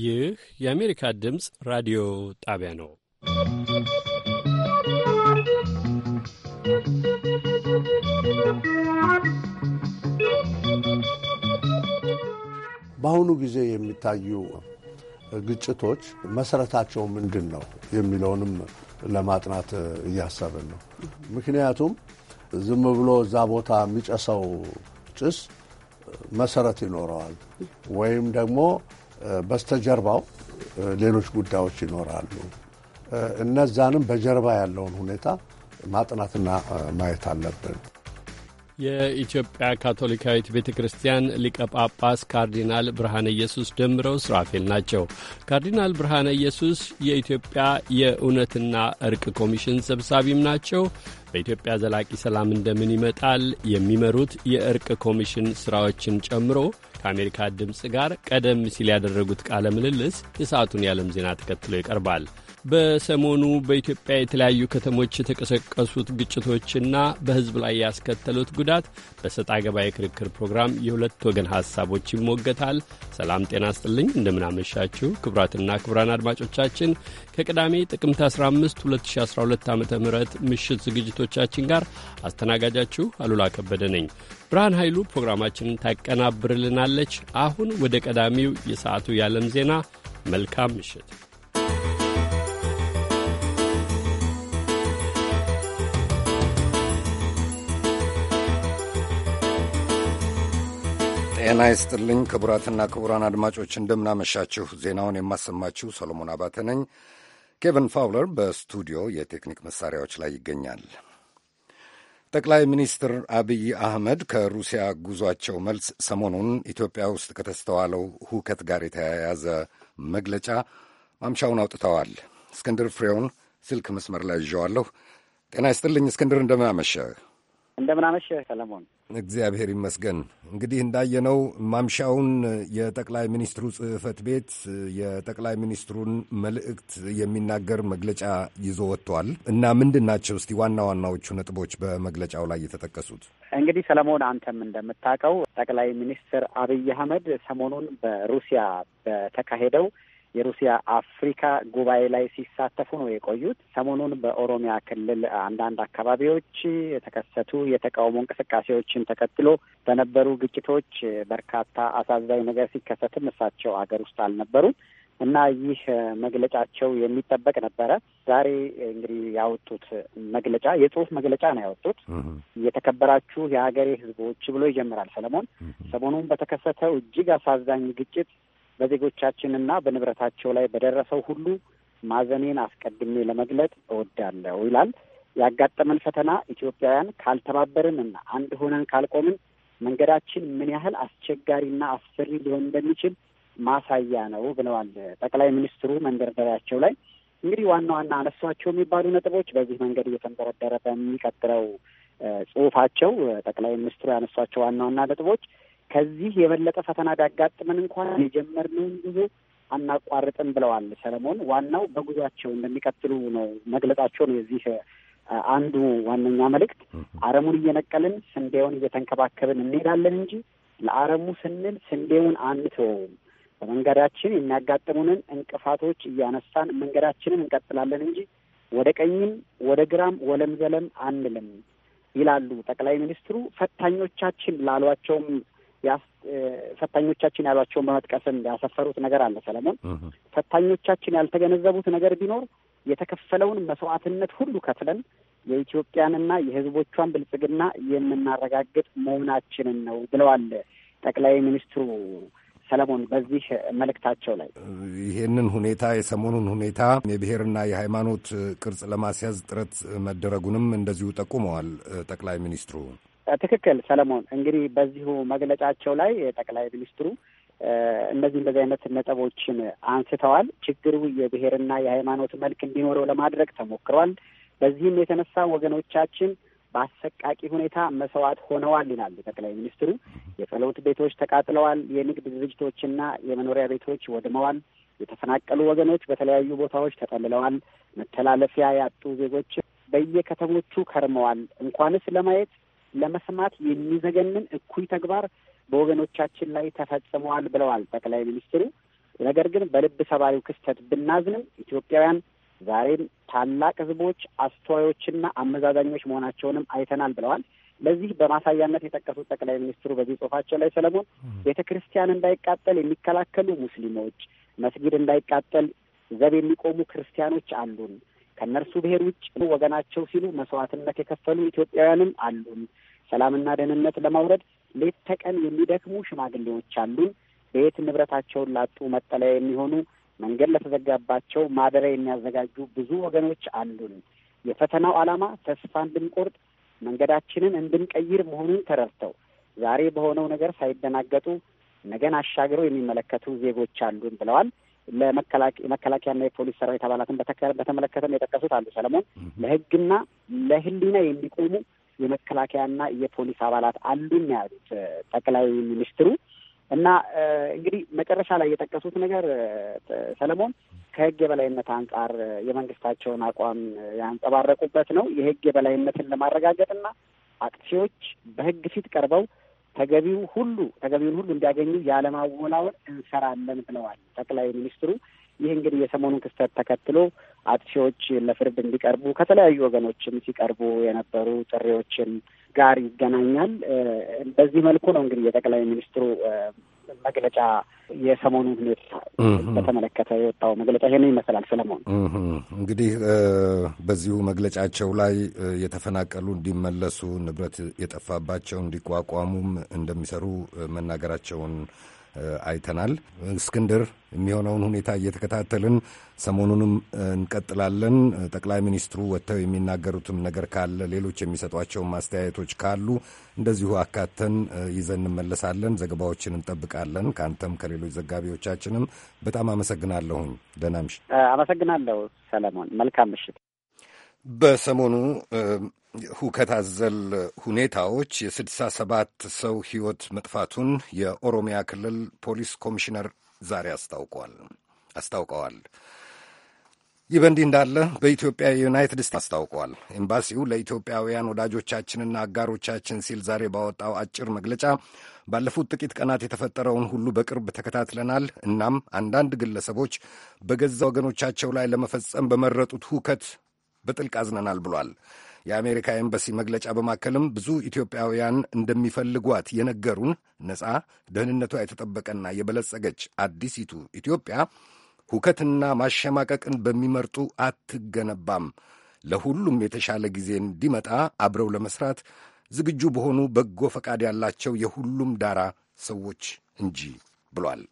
ይህ የአሜሪካ ድምፅ ራዲዮ ጣቢያ ነው። በአሁኑ ጊዜ የሚታዩ ግጭቶች መሰረታቸው ምንድን ነው የሚለውንም ለማጥናት እያሰብን ነው። ምክንያቱም ዝም ብሎ እዛ ቦታ የሚጨሰው ጭስ መሰረት ይኖረዋል ወይም ደግሞ በስተጀርባው ሌሎች ጉዳዮች ይኖራሉ። እነዛንም በጀርባ ያለውን ሁኔታ ማጥናትና ማየት አለብን። የኢትዮጵያ ካቶሊካዊት ቤተ ክርስቲያን ሊቀ ጳጳስ ካርዲናል ብርሃነ ኢየሱስ ደምረው ስራፌል ናቸው። ካርዲናል ብርሃነ ኢየሱስ የኢትዮጵያ የእውነትና እርቅ ኮሚሽን ሰብሳቢም ናቸው። በኢትዮጵያ ዘላቂ ሰላም እንደምን ይመጣል የሚመሩት የእርቅ ኮሚሽን ስራዎችን ጨምሮ ከአሜሪካ ድምፅ ጋር ቀደም ሲል ያደረጉት ቃለ ምልልስ የሰዓቱን የዓለም ዜና ተከትሎ ይቀርባል። በሰሞኑ በኢትዮጵያ የተለያዩ ከተሞች የተቀሰቀሱት ግጭቶችና በሕዝብ ላይ ያስከተሉት ጉዳት በሰጣ ገባ የክርክር ፕሮግራም የሁለት ወገን ሐሳቦች ይሞገታል። ሰላም ጤና ስጥልኝ፣ እንደምናመሻችሁ ክቡራትና ክቡራን አድማጮቻችን ከቅዳሜ ጥቅምት 15 2012 ዓ ም ምሽት ዝግጅቶቻችን ጋር አስተናጋጃችሁ አሉላ ከበደ ነኝ። ብርሃን ኃይሉ ፕሮግራማችንን ታቀናብርልናለች። አሁን ወደ ቀዳሚው የሰዓቱ የዓለም ዜና። መልካም ምሽት ጤና ይስጥልኝ ክቡራትና ክቡራን አድማጮች እንደምናመሻችሁ። ዜናውን የማሰማችሁ ሰሎሞን አባተ ነኝ። ኬቨን ፋውለር በስቱዲዮ የቴክኒክ መሳሪያዎች ላይ ይገኛል። ጠቅላይ ሚኒስትር አብይ አህመድ ከሩሲያ ጉዟቸው መልስ ሰሞኑን ኢትዮጵያ ውስጥ ከተስተዋለው ሁከት ጋር የተያያዘ መግለጫ ማምሻውን አውጥተዋል። እስክንድር ፍሬውን ስልክ መስመር ላይ ይዣዋለሁ። ጤና ይስጥልኝ እስክንድር፣ እንደምናመሸ እንደምናመሸ ሰለሞን እግዚአብሔር ይመስገን። እንግዲህ እንዳየነው ማምሻውን የጠቅላይ ሚኒስትሩ ጽህፈት ቤት የጠቅላይ ሚኒስትሩን መልእክት የሚናገር መግለጫ ይዞ ወጥቷል እና ምንድን ናቸው እስቲ ዋና ዋናዎቹ ነጥቦች በመግለጫው ላይ የተጠቀሱት? እንግዲህ ሰለሞን፣ አንተም እንደምታውቀው ጠቅላይ ሚኒስትር አብይ አህመድ ሰሞኑን በሩሲያ በተካሄደው የሩሲያ አፍሪካ ጉባኤ ላይ ሲሳተፉ ነው የቆዩት። ሰሞኑን በኦሮሚያ ክልል አንዳንድ አካባቢዎች የተከሰቱ የተቃውሞ እንቅስቃሴዎችን ተከትሎ በነበሩ ግጭቶች በርካታ አሳዛኝ ነገር ሲከሰትም እሳቸው አገር ውስጥ አልነበሩም እና ይህ መግለጫቸው የሚጠበቅ ነበረ። ዛሬ እንግዲህ ያወጡት መግለጫ የጽሁፍ መግለጫ ነው ያወጡት። የተከበራችሁ የሀገሬ ሕዝቦች ብሎ ይጀምራል ሰለሞን። ሰሞኑን በተከሰተው እጅግ አሳዛኝ ግጭት በዜጎቻችንና በንብረታቸው ላይ በደረሰው ሁሉ ማዘኔን አስቀድሜ ለመግለጽ እወዳለሁ ይላል። ያጋጠመን ፈተና ኢትዮጵያውያን ካልተባበርንና አንድ ሆነን ካልቆምን መንገዳችን ምን ያህል አስቸጋሪና አስፈሪ ሊሆን እንደሚችል ማሳያ ነው ብለዋል ጠቅላይ ሚኒስትሩ መንደርደሪያቸው ላይ። እንግዲህ ዋና ዋና አነሷቸው የሚባሉ ነጥቦች በዚህ መንገድ እየተንደረደረ በሚቀጥለው ጽሁፋቸው ጠቅላይ ሚኒስትሩ ያነሷቸው ዋና ዋና ነጥቦች ከዚህ የበለጠ ፈተና ቢያጋጥምን እንኳን የጀመርነውን ጉዞ አናቋርጥም ብለዋል ሰለሞን። ዋናው በጉዟቸው እንደሚቀጥሉ ነው መግለጻቸው ነው የዚህ አንዱ ዋነኛ መልእክት። አረሙን እየነቀልን ስንዴውን እየተንከባከብን እንሄዳለን እንጂ ለአረሙ ስንል ስንዴውን አንተውም። በመንገዳችን የሚያጋጥሙንን እንቅፋቶች እያነሳን መንገዳችንን እንቀጥላለን እንጂ ወደ ቀኝም ወደ ግራም ወለም ዘለም አንልም ይላሉ ጠቅላይ ሚኒስትሩ። ፈታኞቻችን ላሏቸውም ፈታኞቻችን ያሏቸውን በመጥቀስም ያሰፈሩት ነገር አለ። ሰለሞን ፈታኞቻችን ያልተገነዘቡት ነገር ቢኖር የተከፈለውን መስዋዕትነት ሁሉ ከፍለን የኢትዮጵያንና የሕዝቦቿን ብልጽግና የምናረጋግጥ መሆናችንን ነው ብለዋል ጠቅላይ ሚኒስትሩ ሰለሞን በዚህ መልእክታቸው ላይ ይህንን ሁኔታ የሰሞኑን ሁኔታ የብሔርና የሃይማኖት ቅርጽ ለማስያዝ ጥረት መደረጉንም እንደዚሁ ጠቁመዋል ጠቅላይ ሚኒስትሩ። ትክክል ሰለሞን። እንግዲህ በዚሁ መግለጫቸው ላይ ጠቅላይ ሚኒስትሩ እነዚህ እንደዚህ አይነት ነጥቦችን አንስተዋል። ችግሩ የብሔርና የሃይማኖት መልክ እንዲኖረው ለማድረግ ተሞክሯል። በዚህም የተነሳ ወገኖቻችን በአሰቃቂ ሁኔታ መስዋዕት ሆነዋል ይላሉ ጠቅላይ ሚኒስትሩ። የጸሎት ቤቶች ተቃጥለዋል። የንግድ ድርጅቶችና የመኖሪያ ቤቶች ወድመዋል። የተፈናቀሉ ወገኖች በተለያዩ ቦታዎች ተጠልለዋል። መተላለፊያ ያጡ ዜጎች በየከተሞቹ ከርመዋል። እንኳንስ ለማየት ለመስማት የሚዘገንን እኩይ ተግባር በወገኖቻችን ላይ ተፈጽመዋል ብለዋል ጠቅላይ ሚኒስትሩ። ነገር ግን በልብ ሰባሪው ክስተት ብናዝንም ኢትዮጵያውያን ዛሬም ታላቅ ሕዝቦች አስተዋዮችና አመዛዛኞች መሆናቸውንም አይተናል ብለዋል። ለዚህ በማሳያነት የጠቀሱት ጠቅላይ ሚኒስትሩ በዚህ ጽሁፋቸው ላይ ሰለሞን ቤተ ክርስቲያን እንዳይቃጠል የሚከላከሉ ሙስሊሞች፣ መስጊድ እንዳይቃጠል ዘብ የሚቆሙ ክርስቲያኖች አሉን። ከእነርሱ ብሔር ውጭ ወገናቸው ሲሉ መስዋዕትነት የከፈሉ ኢትዮጵያውያንም አሉን። ሰላምና ደህንነት ለማውረድ ሌት ተቀን የሚደክሙ ሽማግሌዎች አሉን። ቤት ንብረታቸውን ላጡ መጠለያ የሚሆኑ መንገድ ለተዘጋባቸው ማደሪያ የሚያዘጋጁ ብዙ ወገኖች አሉን። የፈተናው ዓላማ ተስፋ እንድንቆርጥ መንገዳችንን እንድንቀይር መሆኑን ተረድተው ዛሬ በሆነው ነገር ሳይደናገጡ ነገን አሻግረው የሚመለከቱ ዜጎች አሉን ብለዋል። ለመከላከያና የፖሊስ ሰራዊት አባላትን በተመለከተም የጠቀሱት አሉ ሰለሞን ለህግና ለህሊና የሚቆሙ የመከላከያና የፖሊስ አባላት አሉን ያሉት ጠቅላይ ሚኒስትሩ እና እንግዲህ መጨረሻ ላይ የጠቀሱት ነገር ሰለሞን ከህግ የበላይነት አንጻር የመንግስታቸውን አቋም ያንጸባረቁበት ነው። የህግ የበላይነትን ለማረጋገጥና አጥፊዎች በህግ ፊት ቀርበው ተገቢው ሁሉ ተገቢውን ሁሉ እንዲያገኙ ያለማወላወል እንሰራለን ብለዋል ጠቅላይ ሚኒስትሩ። ይህ እንግዲህ የሰሞኑን ክስተት ተከትሎ አጥፊዎች ለፍርድ እንዲቀርቡ ከተለያዩ ወገኖችም ሲቀርቡ የነበሩ ጥሪዎችን ጋር ይገናኛል። በዚህ መልኩ ነው እንግዲህ የጠቅላይ ሚኒስትሩ መግለጫ የሰሞኑን ሁኔታ በተመለከተ የወጣው መግለጫ ይሄን ይመስላል። ሰለሞን፣ እንግዲህ በዚሁ መግለጫቸው ላይ የተፈናቀሉ እንዲመለሱ፣ ንብረት የጠፋባቸው እንዲቋቋሙም እንደሚሰሩ መናገራቸውን አይተናል። እስክንድር የሚሆነውን ሁኔታ እየተከታተልን ሰሞኑንም እንቀጥላለን። ጠቅላይ ሚኒስትሩ ወጥተው የሚናገሩትም ነገር ካለ፣ ሌሎች የሚሰጧቸውን ማስተያየቶች ካሉ እንደዚሁ አካተን ይዘን እንመለሳለን። ዘገባዎችን እንጠብቃለን ከአንተም ከሌሎች ዘጋቢዎቻችንም። በጣም አመሰግናለሁኝ። ደህና ምሽት። አመሰግናለሁ ሰለሞን። መልካም ምሽት። በሰሞኑ ሁከት አዘል ሁኔታዎች የስድሳ ሰባት ሰው ሕይወት መጥፋቱን የኦሮሚያ ክልል ፖሊስ ኮሚሽነር ዛሬ አስታውቀዋል። ይህ በእንዲህ እንዳለ በኢትዮጵያ የዩናይትድ ስቴትስ አስታውቀዋል። ኤምባሲው ለኢትዮጵያውያን ወዳጆቻችንና አጋሮቻችን ሲል ዛሬ ባወጣው አጭር መግለጫ ባለፉት ጥቂት ቀናት የተፈጠረውን ሁሉ በቅርብ ተከታትለናል። እናም አንዳንድ ግለሰቦች በገዛ ወገኖቻቸው ላይ ለመፈጸም በመረጡት ሁከት በጥልቅ አዝነናል ብሏል። የአሜሪካ ኤምባሲ መግለጫ በማከልም ብዙ ኢትዮጵያውያን እንደሚፈልጓት የነገሩን ነጻ ደህንነቷ የተጠበቀና የበለጸገች አዲሲቱ ኢትዮጵያ ሁከትና ማሸማቀቅን በሚመርጡ አትገነባም፣ ለሁሉም የተሻለ ጊዜ እንዲመጣ አብረው ለመስራት ዝግጁ በሆኑ በጎ ፈቃድ ያላቸው የሁሉም ዳራ ሰዎች እንጂ ብሏል።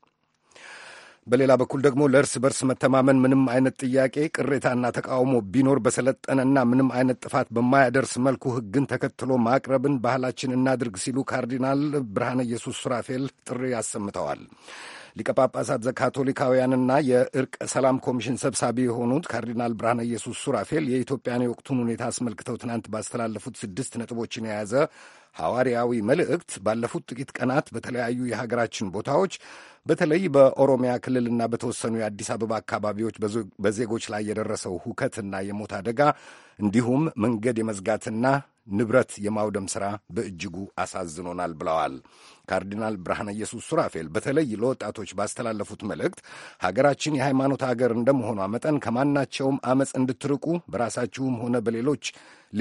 በሌላ በኩል ደግሞ ለእርስ በርስ መተማመን ምንም አይነት ጥያቄ፣ ቅሬታና ተቃውሞ ቢኖር በሰለጠነና ምንም አይነት ጥፋት በማያደርስ መልኩ ሕግን ተከትሎ ማቅረብን ባህላችን እናድርግ ሲሉ ካርዲናል ብርሃነ ኢየሱስ ሱራፌል ጥሪ አሰምተዋል። ሊቀ ጳጳሳት ዘካቶሊካውያንና የእርቅ ሰላም ኮሚሽን ሰብሳቢ የሆኑት ካርዲናል ብርሃነ ኢየሱስ ሱራፌል የኢትዮጵያን የወቅቱን ሁኔታ አስመልክተው ትናንት ባስተላለፉት ስድስት ነጥቦችን የያዘ ሐዋርያዊ መልእክት ባለፉት ጥቂት ቀናት በተለያዩ የሀገራችን ቦታዎች በተለይ በኦሮሚያ ክልልና በተወሰኑ የአዲስ አበባ አካባቢዎች በዜጎች ላይ የደረሰው ሁከትና የሞት አደጋ እንዲሁም መንገድ የመዝጋትና ንብረት የማውደም ሥራ በእጅጉ አሳዝኖናል ብለዋል። ካርዲናል ብርሃነ ኢየሱስ ሱራፌል በተለይ ለወጣቶች ባስተላለፉት መልእክት ሀገራችን የሃይማኖት አገር እንደመሆኗ መጠን ከማናቸውም አመፅ እንድትርቁ በራሳችሁም ሆነ በሌሎች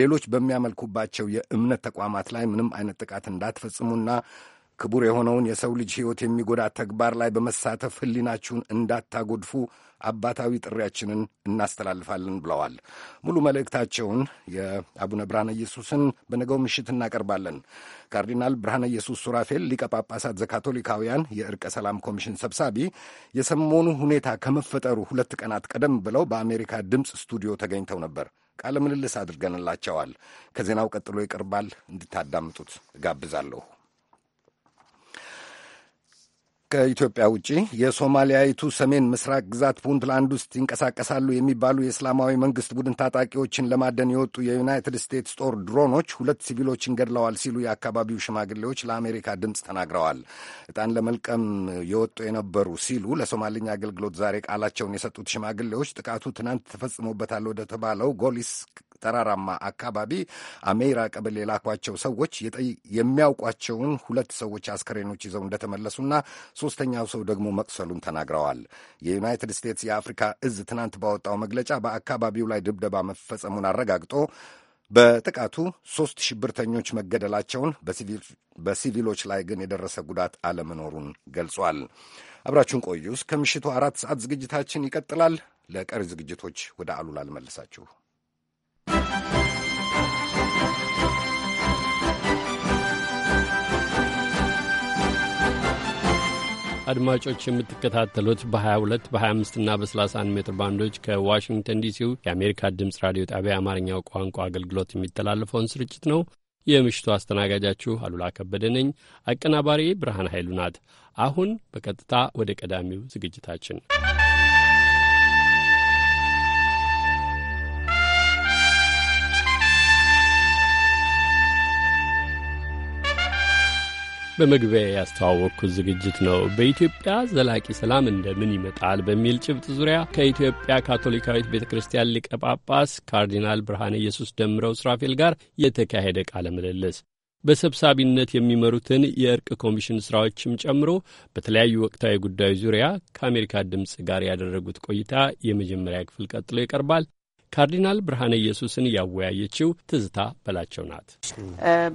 ሌሎች በሚያመልኩባቸው የእምነት ተቋማት ላይ ምንም አይነት ጥቃት እንዳትፈጽሙና ክቡር የሆነውን የሰው ልጅ ሕይወት የሚጎዳ ተግባር ላይ በመሳተፍ ሕሊናችሁን እንዳታጎድፉ አባታዊ ጥሪያችንን እናስተላልፋለን ብለዋል። ሙሉ መልእክታቸውን የአቡነ ብርሃነ ኢየሱስን በነገው ምሽት እናቀርባለን። ካርዲናል ብርሃነ ኢየሱስ ሱራፌል ሊቀ ጳጳሳት ዘካቶሊካውያን የእርቀ ሰላም ኮሚሽን ሰብሳቢ የሰሞኑ ሁኔታ ከመፈጠሩ ሁለት ቀናት ቀደም ብለው በአሜሪካ ድምፅ ስቱዲዮ ተገኝተው ነበር። ቃለ ምልልስ አድርገንላቸዋል። ከዜናው ቀጥሎ ይቀርባል። እንድታዳምጡት እጋብዛለሁ። ከኢትዮጵያ ውጪ የሶማሊያዊቱ ሰሜን ምስራቅ ግዛት ፑንትላንድ ውስጥ ይንቀሳቀሳሉ የሚባሉ የእስላማዊ መንግስት ቡድን ታጣቂዎችን ለማደን የወጡ የዩናይትድ ስቴትስ ጦር ድሮኖች ሁለት ሲቪሎችን ገድለዋል ሲሉ የአካባቢው ሽማግሌዎች ለአሜሪካ ድምፅ ተናግረዋል። እጣን ለመልቀም የወጡ የነበሩ ሲሉ ለሶማልኛ አገልግሎት ዛሬ ቃላቸውን የሰጡት ሽማግሌዎች ጥቃቱ ትናንት ተፈጽሞበታል ወደ ተባለው ጎሊስ ተራራማ አካባቢ አሜራ ቀበሌ የላኳቸው ሰዎች የሚያውቋቸውን ሁለት ሰዎች አስከሬኖች ይዘው እንደተመለሱና ሦስተኛው ሰው ደግሞ መቁሰሉን ተናግረዋል። የዩናይትድ ስቴትስ የአፍሪካ እዝ ትናንት ባወጣው መግለጫ በአካባቢው ላይ ድብደባ መፈጸሙን አረጋግጦ በጥቃቱ ሦስት ሽብርተኞች መገደላቸውን በሲቪሎች ላይ ግን የደረሰ ጉዳት አለመኖሩን ገልጿል። አብራችሁን ቆዩ። እስከ ምሽቱ አራት ሰዓት ዝግጅታችን ይቀጥላል። ለቀሪ ዝግጅቶች ወደ አሉላ ልመልሳችሁ። አድማጮች የምትከታተሉት በ22 በ25 እና በ31 ሜትር ባንዶች ከዋሽንግተን ዲሲው የአሜሪካ ድምፅ ራዲዮ ጣቢያ የአማርኛው ቋንቋ አገልግሎት የሚተላለፈውን ስርጭት ነው። የምሽቱ አስተናጋጃችሁ አሉላ ከበደ ነኝ። አቀናባሪ ብርሃን ኃይሉ ናት። አሁን በቀጥታ ወደ ቀዳሚው ዝግጅታችን በመግቢያ ያስተዋወቅኩት ዝግጅት ነው። በኢትዮጵያ ዘላቂ ሰላም እንደምን ይመጣል በሚል ጭብጥ ዙሪያ ከኢትዮጵያ ካቶሊካዊት ቤተ ክርስቲያን ሊቀ ጳጳስ ካርዲናል ብርሃነ ኢየሱስ ደምረው ስራፌል ጋር የተካሄደ ቃለ ምልልስ በሰብሳቢነት የሚመሩትን የእርቅ ኮሚሽን ስራዎችም ጨምሮ በተለያዩ ወቅታዊ ጉዳዮች ዙሪያ ከአሜሪካ ድምፅ ጋር ያደረጉት ቆይታ የመጀመሪያ ክፍል ቀጥሎ ይቀርባል። ካርዲናል ብርሃነ ኢየሱስን ያወያየችው ትዝታ በላቸው ናት።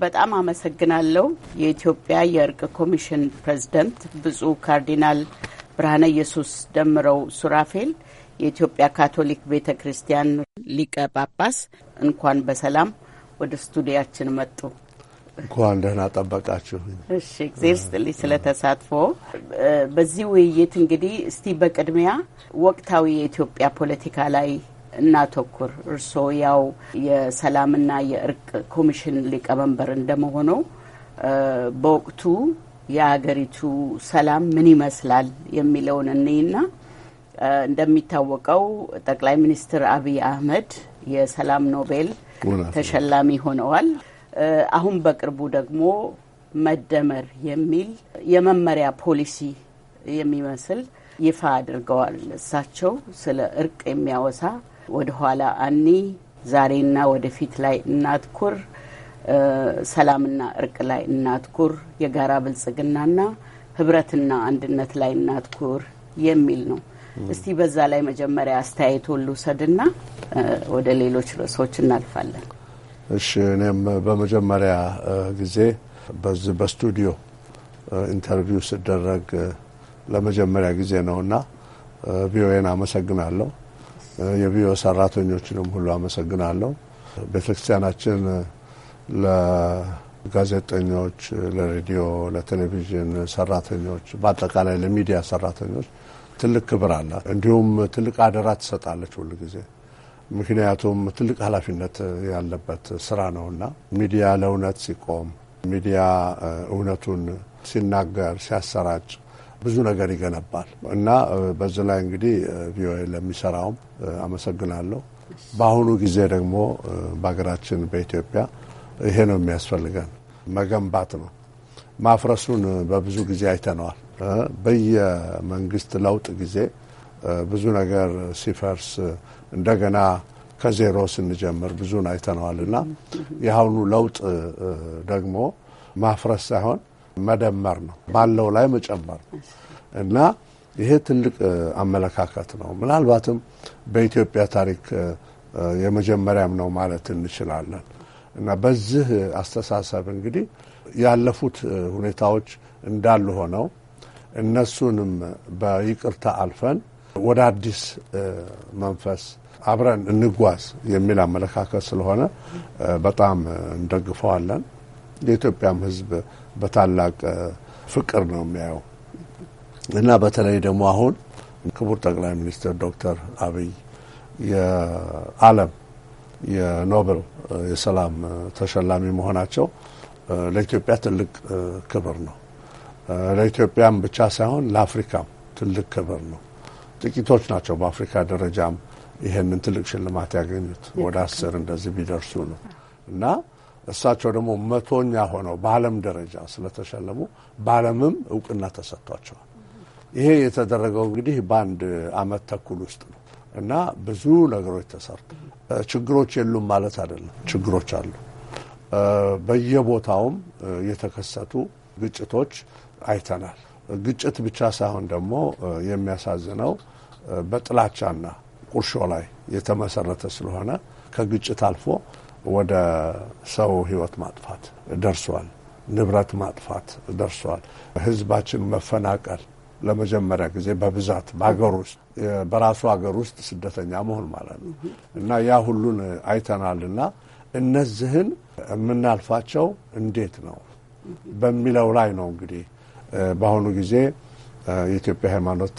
በጣም አመሰግናለሁ። የኢትዮጵያ የእርቅ ኮሚሽን ፕሬዝደንት ብፁዕ ካርዲናል ብርሃነ ኢየሱስ ደምረው ሱራፌል የኢትዮጵያ ካቶሊክ ቤተ ክርስቲያን ሊቀ ጳጳስ እንኳን በሰላም ወደ ስቱዲያችን መጡ። እንኳን ደህና ጠበቃችሁ። እሺ፣ እግዜር ስጥልኝ ስለ ተሳትፎ በዚህ ውይይት። እንግዲህ እስቲ በቅድሚያ ወቅታዊ የኢትዮጵያ ፖለቲካ ላይ እናተኩር። እርስዎ ያው የሰላምና የእርቅ ኮሚሽን ሊቀመንበር እንደመሆነው በወቅቱ የሀገሪቱ ሰላም ምን ይመስላል የሚለውን እኔና እንደሚታወቀው ጠቅላይ ሚኒስትር አብይ አህመድ የሰላም ኖቤል ተሸላሚ ሆነዋል። አሁን በቅርቡ ደግሞ መደመር የሚል የመመሪያ ፖሊሲ የሚመስል ይፋ አድርገዋል። እሳቸው ስለ እርቅ የሚያወሳ ወደኋላ አኒ ዛሬና ወደፊት ላይ እናትኩር፣ ሰላምና እርቅ ላይ እናትኩር፣ የጋራ ብልጽግናና ህብረትና አንድነት ላይ እናትኩር የሚል ነው። እስቲ በዛ ላይ መጀመሪያ አስተያየት ልውሰድና ወደ ሌሎች ርዕሶች እናልፋለን። እሺ፣ እኔም በመጀመሪያ ጊዜ በዚህ በስቱዲዮ ኢንተርቪው ስደረግ ለመጀመሪያ ጊዜ ነውና ቪኦኤን አመሰግናለሁ። የቢሮ ሰራተኞችንም ሁሉ አመሰግናለሁ። ቤተክርስቲያናችን ለጋዜጠኞች፣ ለሬዲዮ፣ ለቴሌቪዥን ሰራተኞች በአጠቃላይ ለሚዲያ ሰራተኞች ትልቅ ክብር አላት። እንዲሁም ትልቅ አደራ ትሰጣለች ሁል ጊዜ ምክንያቱም ትልቅ ኃላፊነት ያለበት ስራ ነውና ሚዲያ ለእውነት ሲቆም ሚዲያ እውነቱን ሲናገር ሲያሰራጭ ብዙ ነገር ይገነባል እና በዚህ ላይ እንግዲህ ቪኦኤ ለሚሰራውም አመሰግናለሁ። በአሁኑ ጊዜ ደግሞ በሀገራችን በኢትዮጵያ ይሄ ነው የሚያስፈልገን፣ መገንባት ነው። ማፍረሱን በብዙ ጊዜ አይተነዋል። በየመንግስት ለውጥ ጊዜ ብዙ ነገር ሲፈርስ እንደገና ከዜሮ ስንጀምር ብዙን አይተነዋል እና የአሁኑ ለውጥ ደግሞ ማፍረስ ሳይሆን መደመር ነው፣ ባለው ላይ መጨመር ነው እና ይሄ ትልቅ አመለካከት ነው። ምናልባትም በኢትዮጵያ ታሪክ የመጀመሪያም ነው ማለት እንችላለን እና በዚህ አስተሳሰብ እንግዲህ ያለፉት ሁኔታዎች እንዳሉ ሆነው እነሱንም በይቅርታ አልፈን ወደ አዲስ መንፈስ አብረን እንጓዝ የሚል አመለካከት ስለሆነ በጣም እንደግፈዋለን። የኢትዮጵያም ሕዝብ በታላቅ ፍቅር ነው የሚያየው እና በተለይ ደግሞ አሁን ክቡር ጠቅላይ ሚኒስትር ዶክተር አብይ የዓለም የኖብል የሰላም ተሸላሚ መሆናቸው ለኢትዮጵያ ትልቅ ክብር ነው። ለኢትዮጵያም ብቻ ሳይሆን ለአፍሪካም ትልቅ ክብር ነው። ጥቂቶች ናቸው በአፍሪካ ደረጃም ይህንን ትልቅ ሽልማት ያገኙት ወደ አስር እንደዚህ ቢደርሱ ነው እና እሳቸው ደግሞ መቶኛ ሆነው በዓለም ደረጃ ስለተሸለሙ በዓለምም እውቅና ተሰጥቷቸዋል። ይሄ የተደረገው እንግዲህ በአንድ አመት ተኩል ውስጥ ነው እና ብዙ ነገሮች ተሰርቶ ችግሮች የሉም ማለት አይደለም። ችግሮች አሉ። በየቦታውም የተከሰቱ ግጭቶች አይተናል። ግጭት ብቻ ሳይሆን ደግሞ የሚያሳዝነው በጥላቻና ቁርሾ ላይ የተመሰረተ ስለሆነ ከግጭት አልፎ ወደ ሰው ህይወት ማጥፋት ደርሷል። ንብረት ማጥፋት ደርሷል። ህዝባችን መፈናቀል ለመጀመሪያ ጊዜ በብዛት በሀገር ውስጥ በራሱ ሀገር ውስጥ ስደተኛ መሆን ማለት ነው እና ያ ሁሉን አይተናል እና እነዚህን የምናልፋቸው እንዴት ነው በሚለው ላይ ነው እንግዲህ በአሁኑ ጊዜ የኢትዮጵያ ሃይማኖት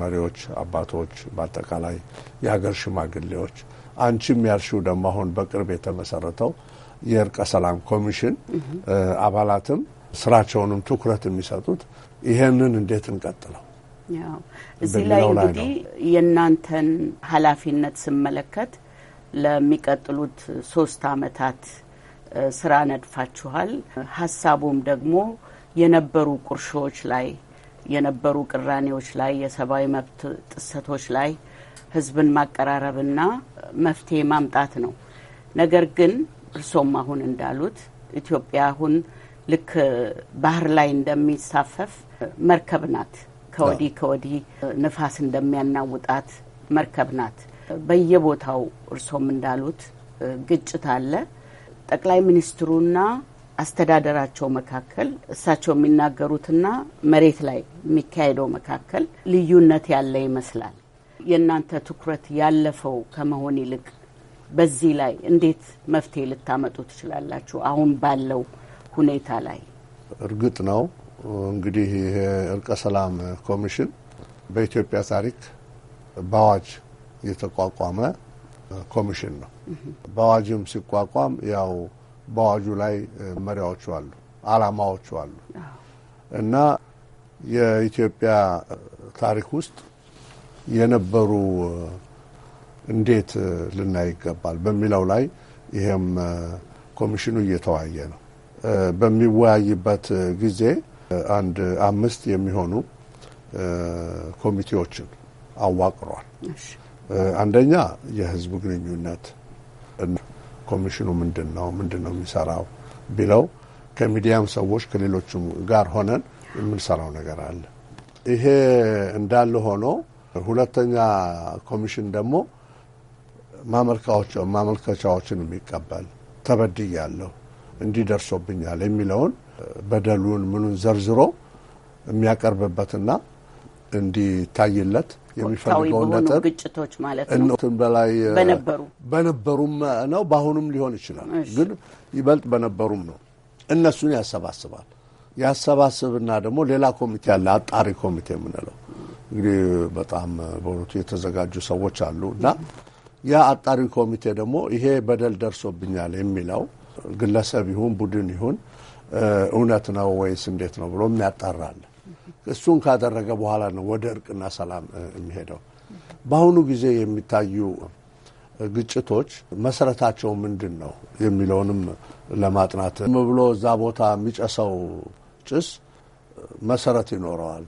መሪዎች፣ አባቶች፣ በአጠቃላይ የሀገር ሽማግሌዎች አንቺም ያልሽው ደግሞ አሁን በቅርብ የተመሰረተው የእርቀ ሰላም ኮሚሽን አባላትም ስራቸውንም ትኩረት የሚሰጡት ይሄንን እንዴት እንቀጥለው እዚህ ላይ እንግዲህ የእናንተን ኃላፊነት ስመለከት ለሚቀጥሉት ሶስት አመታት ስራ ነድፋችኋል። ሀሳቡም ደግሞ የነበሩ ቁርሾዎች ላይ የነበሩ ቅራኔዎች ላይ የሰብአዊ መብት ጥሰቶች ላይ ህዝብን ማቀራረብና መፍትሄ ማምጣት ነው። ነገር ግን እርሶም አሁን እንዳሉት ኢትዮጵያ አሁን ልክ ባህር ላይ እንደሚሳፈፍ መርከብ ናት። ከወዲህ ከወዲህ ንፋስ እንደሚያናውጣት መርከብ ናት። በየቦታው እርሶም እንዳሉት ግጭት አለ። ጠቅላይ ሚኒስትሩና አስተዳደራቸው መካከል እሳቸው የሚናገሩትና መሬት ላይ የሚካሄደው መካከል ልዩነት ያለ ይመስላል። የእናንተ ትኩረት ያለፈው ከመሆን ይልቅ በዚህ ላይ እንዴት መፍትሄ ልታመጡ ትችላላችሁ? አሁን ባለው ሁኔታ ላይ እርግጥ ነው እንግዲህ ይሄ እርቀ ሰላም ኮሚሽን በኢትዮጵያ ታሪክ በአዋጅ የተቋቋመ ኮሚሽን ነው። በአዋጅም ሲቋቋም ያው በአዋጁ ላይ መሪያዎቹ አሉ፣ አላማዎቹ አሉ እና የኢትዮጵያ ታሪክ ውስጥ የነበሩ እንዴት ልናይ ይገባል በሚለው ላይ ይሄም ኮሚሽኑ እየተወያየ ነው። በሚወያይበት ጊዜ አንድ አምስት የሚሆኑ ኮሚቴዎችን አዋቅሯል። አንደኛ የህዝብ ግንኙነት ኮሚሽኑ ምንድን ነው ምንድን ነው የሚሰራው ቢለው ከሚዲያም ሰዎች ከሌሎችም ጋር ሆነን የምንሰራው ነገር አለ። ይሄ እንዳለ ሆኖ ሁለተኛ ኮሚሽን ደግሞ ማመልከቻዎችን የሚቀበል ተበድያለሁ፣ እንዲህ ደርሶብኛል የሚለውን በደሉን ምኑን ዘርዝሮ የሚያቀርብበትና እንዲታይለት የሚፈልገውን ነጥብ ግጭቶች ማለት ነው በላይ በነበሩ በነበሩም ነው በአሁኑም ሊሆን ይችላል፣ ግን ይበልጥ በነበሩም ነው። እነሱን ያሰባስባል። ያሰባስብና ደግሞ ሌላ ኮሚቴ አለ፣ አጣሪ ኮሚቴ የምንለው እንግዲህ በጣም በእውነቱ የተዘጋጁ ሰዎች አሉ እና ያ አጣሪ ኮሚቴ ደግሞ ይሄ በደል ደርሶብኛል የሚለው ግለሰብ ይሁን ቡድን ይሁን እውነት ነው ወይስ እንዴት ነው ብሎ የሚያጣራል። እሱን ካደረገ በኋላ ነው ወደ እርቅና ሰላም የሚሄደው። በአሁኑ ጊዜ የሚታዩ ግጭቶች መሰረታቸው ምንድን ነው የሚለውንም ለማጥናት ብሎ እዛ ቦታ የሚጨሰው ጭስ መሰረት ይኖረዋል።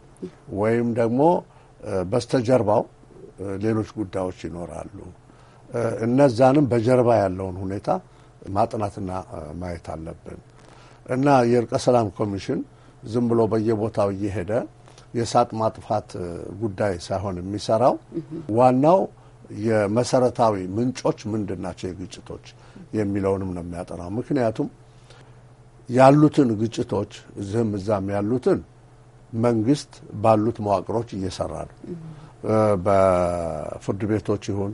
ወይም ደግሞ በስተጀርባው ሌሎች ጉዳዮች ይኖራሉ። እነዛንም በጀርባ ያለውን ሁኔታ ማጥናትና ማየት አለብን እና የእርቀ ሰላም ኮሚሽን ዝም ብሎ በየቦታው እየሄደ የእሳት ማጥፋት ጉዳይ ሳይሆን የሚሰራው ዋናው የመሰረታዊ ምንጮች ምንድን ናቸው የግጭቶች የሚለውንም ነው የሚያጠናው። ምክንያቱም ያሉትን ግጭቶች እዚህም እዛም ያሉትን መንግስት ባሉት መዋቅሮች እየሰራ ነው። በፍርድ ቤቶች ይሁን፣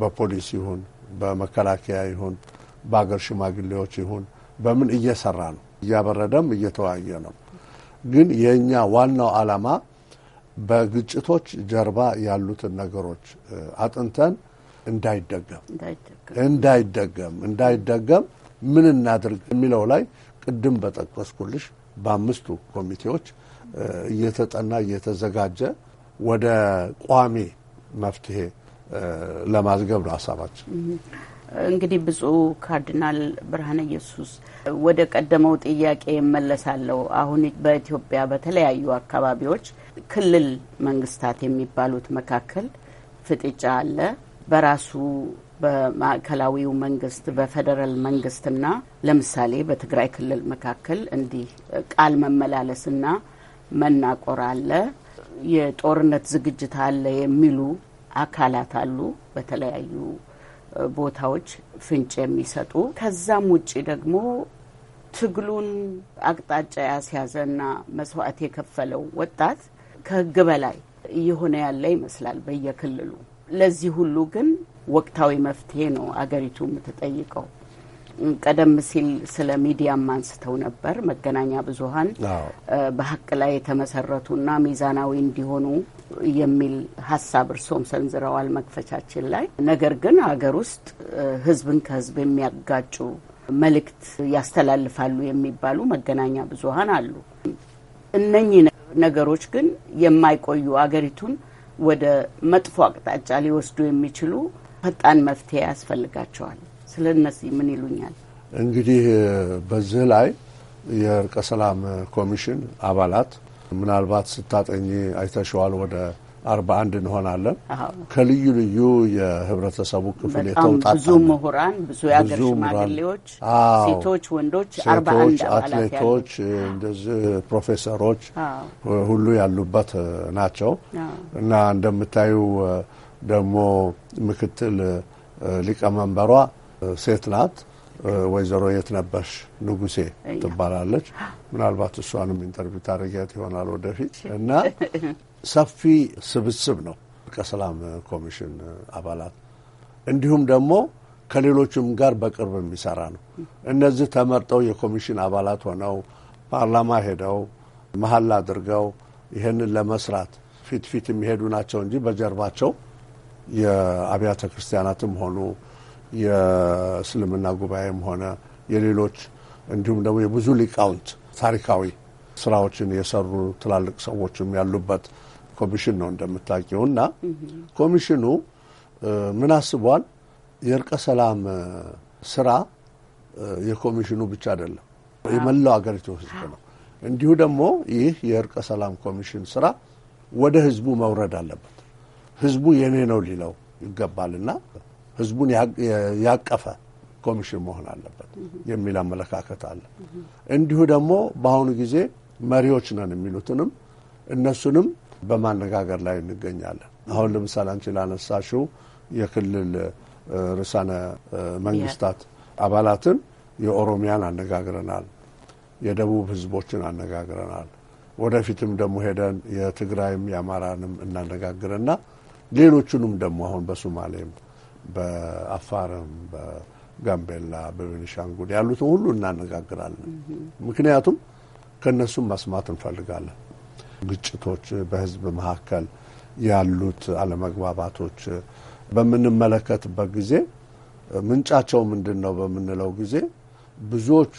በፖሊስ ይሁን፣ በመከላከያ ይሁን፣ በአገር ሽማግሌዎች ይሁን በምን እየሰራ ነው። እያበረደም እየተወያየ ነው። ግን የእኛ ዋናው ዓላማ በግጭቶች ጀርባ ያሉትን ነገሮች አጥንተን እንዳይደገም እንዳይደገም እንዳይደገም ምን እናድርግ የሚለው ላይ ቅድም በጠቀስኩልሽ በአምስቱ ኮሚቴዎች እየተጠና እየተዘጋጀ ወደ ቋሚ መፍትሄ ለማዝገብ ነው ሀሳባችን። እንግዲህ ብፁዕ ካርዲናል ብርሃነ ኢየሱስ ወደ ቀደመው ጥያቄ እመለሳለሁ። አሁን በኢትዮጵያ በተለያዩ አካባቢዎች ክልል መንግስታት የሚባሉት መካከል ፍጥጫ አለ። በራሱ በማዕከላዊው መንግስት በፌዴራል መንግስትና ለምሳሌ በትግራይ ክልል መካከል እንዲህ ቃል መመላለስና መናቆር አለ፣ የጦርነት ዝግጅት አለ የሚሉ አካላት አሉ በተለያዩ ቦታዎች ፍንጭ የሚሰጡ። ከዛም ውጭ ደግሞ ትግሉን አቅጣጫ ያስያዘና መስዋዕት የከፈለው ወጣት ከህግ በላይ እየሆነ ያለ ይመስላል በየክልሉ። ለዚህ ሁሉ ግን ወቅታዊ መፍትሄ ነው አገሪቱ የምትጠይቀው። ቀደም ሲል ስለ ሚዲያም አንስተው ነበር። መገናኛ ብዙኃን በሀቅ ላይ የተመሰረቱና ሚዛናዊ እንዲሆኑ የሚል ሀሳብ እርሶም ሰንዝረዋል መክፈቻችን ላይ። ነገር ግን ሀገር ውስጥ ህዝብን ከህዝብ የሚያጋጩ መልእክት ያስተላልፋሉ የሚባሉ መገናኛ ብዙኃን አሉ። እነኚህ ነገሮች ግን የማይቆዩ አገሪቱን ወደ መጥፎ አቅጣጫ ሊወስዱ የሚችሉ ፈጣን መፍትሄ ያስፈልጋቸዋል። ስለ እነዚህ ምን ይሉኛል? እንግዲህ በዚህ ላይ የእርቀ ሰላም ኮሚሽን አባላት ምናልባት ስታጠኝ አይተሸዋል ወደ አርባ አንድ እንሆናለን ከልዩ ልዩ የህብረተሰቡ ክፍል የተውጣጣ ብዙ ምሁራን፣ ብዙ የአገር ሽማግሌዎች፣ ሴቶች፣ ወንዶች፣ ሴቶች፣ አትሌቶች፣ እንደዚህ ፕሮፌሰሮች ሁሉ ያሉበት ናቸው እና እንደምታዩ ደግሞ ምክትል ሊቀመንበሯ ሴት ናት። ወይዘሮ የት ንጉሴ ትባላለች። ምናልባት እሷንም ኢንተርቪው ታደርጊያት ይሆናል ወደፊት እና ሰፊ ስብስብ ነው ከሰላም ኮሚሽን አባላት እንዲሁም ደግሞ ከሌሎቹም ጋር በቅርብ የሚሰራ ነው። እነዚህ ተመርጠው የኮሚሽን አባላት ሆነው ፓርላማ ሄደው መሀል አድርገው ይህንን ለመስራት ፊት ፊት የሚሄዱ ናቸው እንጂ በጀርባቸው የአብያተ ክርስቲያናትም ሆኑ የእስልምና ጉባኤም ሆነ የሌሎች እንዲሁም ደግሞ የብዙ ሊቃውንት ታሪካዊ ስራዎችን የሰሩ ትላልቅ ሰዎችም ያሉበት ኮሚሽን ነው እንደምታውቂው። እና ኮሚሽኑ ምን አስቧል? የእርቀ ሰላም ስራ የኮሚሽኑ ብቻ አይደለም፣ የመላው አገሪቱ ህዝብ ነው። እንዲሁ ደግሞ ይህ የእርቀ ሰላም ኮሚሽን ስራ ወደ ህዝቡ መውረድ አለበት። ህዝቡ የኔ ነው ሊለው ይገባልና ህዝቡን ያቀፈ ኮሚሽን መሆን አለበት የሚል አመለካከት አለ። እንዲሁ ደግሞ በአሁኑ ጊዜ መሪዎች ነን የሚሉትንም እነሱንም በማነጋገር ላይ እንገኛለን። አሁን ለምሳሌ አንቺ ላነሳሽው የክልል ርዕሳነ መንግስታት አባላትን የኦሮሚያን አነጋግረናል። የደቡብ ህዝቦችን አነጋግረናል። ወደፊትም ደግሞ ሄደን የትግራይም የአማራንም እናነጋግረና ሌሎቹንም ደግሞ አሁን በሶማሌም በአፋርም በጋምቤላ በቤኒሻንጉል ያሉትን ሁሉ እናነጋግራለን። ምክንያቱም ከእነሱም መስማት እንፈልጋለን። ግጭቶች፣ በህዝብ መካከል ያሉት አለመግባባቶች በምንመለከትበት ጊዜ ምንጫቸው ምንድን ነው በምንለው ጊዜ ብዙዎቹ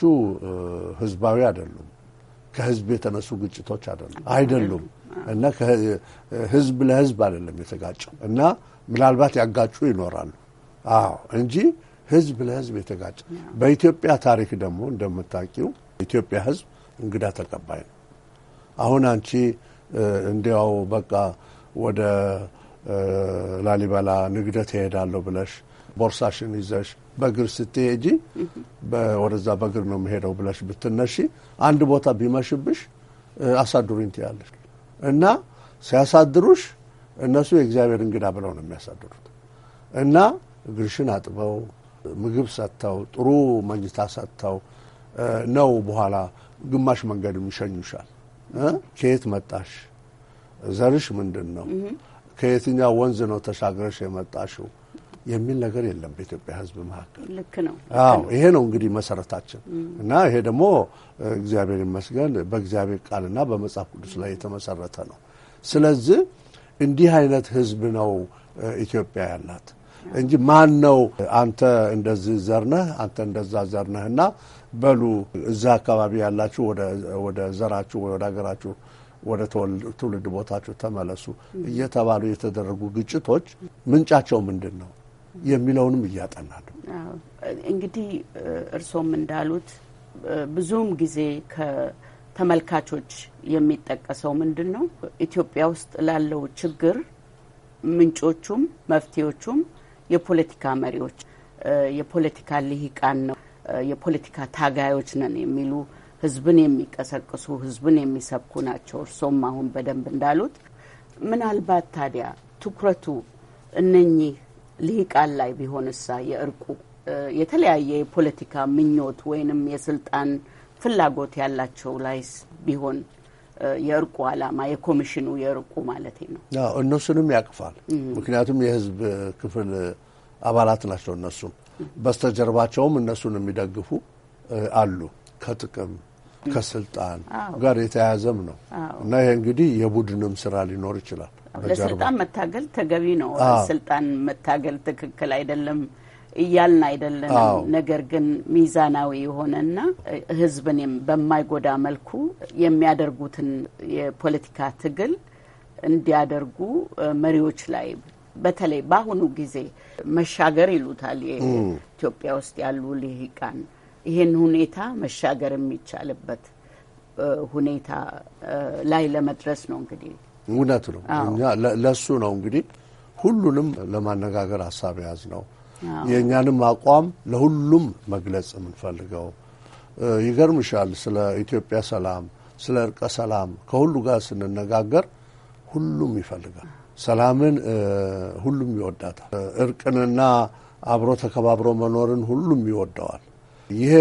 ህዝባዊ አይደሉም። ከህዝብ የተነሱ ግጭቶች አይደሉም አይደሉም እና ህዝብ ለህዝብ አይደለም የተጋጨው እና ምናልባት ያጋጩ ይኖራሉ። አዎ እንጂ ህዝብ ለህዝብ የተጋጨ በኢትዮጵያ ታሪክ ደግሞ እንደምታውቂው ኢትዮጵያ ህዝብ እንግዳ ተቀባይ ነው። አሁን አንቺ እንዲያው በቃ ወደ ላሊበላ ንግደት እሄዳለሁ ብለሽ ቦርሳሽን ይዘሽ በእግር ስትሄጂ ወደዛ በእግር ነው የምሄደው ብለሽ ብትነሺ አንድ ቦታ ቢመሽብሽ አሳድሩኝ ትያለሽ እና ሲያሳድሩሽ እነሱ የእግዚአብሔር እንግዳ ብለው ነው የሚያሳድሩት እና እግርሽን አጥበው ምግብ ሰጥተው ጥሩ መኝታ ሰጥተው ነው በኋላ ግማሽ መንገድ ይሸኙሻል። ከየት መጣሽ? ዘርሽ ምንድን ነው? ከየትኛው ወንዝ ነው ተሻግረሽ የመጣሽው የሚል ነገር የለም በኢትዮጵያ ሕዝብ መካከል። ልክ ነው። አዎ ይሄ ነው እንግዲህ መሰረታችን እና ይሄ ደግሞ እግዚአብሔር ይመስገን በእግዚአብሔር ቃልና በመጽሐፍ ቅዱስ ላይ የተመሰረተ ነው። ስለዚህ እንዲህ አይነት ህዝብ ነው ኢትዮጵያ ያላት እንጂ ማን ነው አንተ እንደዚህ ዘርነህ አንተ እንደዛ ዘርነህና በሉ እዛ አካባቢ ያላችሁ ወደ ዘራችሁ ወደ ሀገራችሁ ወደ ትውልድ ቦታችሁ ተመለሱ እየተባሉ የተደረጉ ግጭቶች ምንጫቸው ምንድን ነው የሚለውንም እያጠናሉ። እንግዲህ እርሶም እንዳሉት ብዙም ጊዜ ተመልካቾች የሚጠቀሰው ምንድን ነው? ኢትዮጵያ ውስጥ ላለው ችግር ምንጮቹም መፍትሄዎቹም የፖለቲካ መሪዎች፣ የፖለቲካ ልሂቃን ነው፣ የፖለቲካ ታጋዮች ነን የሚሉ ህዝብን የሚቀሰቅሱ ህዝብን የሚሰብኩ ናቸው። እርሶም አሁን በደንብ እንዳሉት ምናልባት ታዲያ ትኩረቱ እነኚህ ልሂቃን ላይ ቢሆንሳ የእርቁ የተለያየ የፖለቲካ ምኞት ወይንም የስልጣን ፍላጎት ያላቸው ላይስ ቢሆን የእርቁ አላማ የኮሚሽኑ የእርቁ ማለት ነው። እነሱንም ያቅፋል። ምክንያቱም የህዝብ ክፍል አባላት ናቸው። እነሱም በስተጀርባቸውም እነሱን የሚደግፉ አሉ። ከጥቅም ከስልጣን ጋር የተያያዘም ነው እና ይሄ እንግዲህ የቡድንም ስራ ሊኖር ይችላል። ለስልጣን መታገል ተገቢ ነው። ስልጣን መታገል ትክክል አይደለም እያልን አይደለንም። ነገር ግን ሚዛናዊ የሆነና ህዝብን በማይጎዳ መልኩ የሚያደርጉትን የፖለቲካ ትግል እንዲያደርጉ መሪዎች ላይ በተለይ በአሁኑ ጊዜ መሻገር ይሉታል ኢትዮጵያ ውስጥ ያሉ ልሂቃን ይህን ሁኔታ መሻገር የሚቻልበት ሁኔታ ላይ ለመድረስ ነው። እንግዲህ እውነት ነው፣ ለሱ ነው እንግዲህ ሁሉንም ለማነጋገር ሀሳብ የያዝ ነው የእኛንም አቋም ለሁሉም መግለጽ የምንፈልገው። ይገርምሻል፣ ስለ ኢትዮጵያ ሰላም፣ ስለ እርቀ ሰላም ከሁሉ ጋር ስንነጋገር ሁሉም ይፈልጋል ሰላምን፣ ሁሉም ይወዳታል። እርቅንና አብሮ ተከባብሮ መኖርን ሁሉም ይወደዋል። ይሄ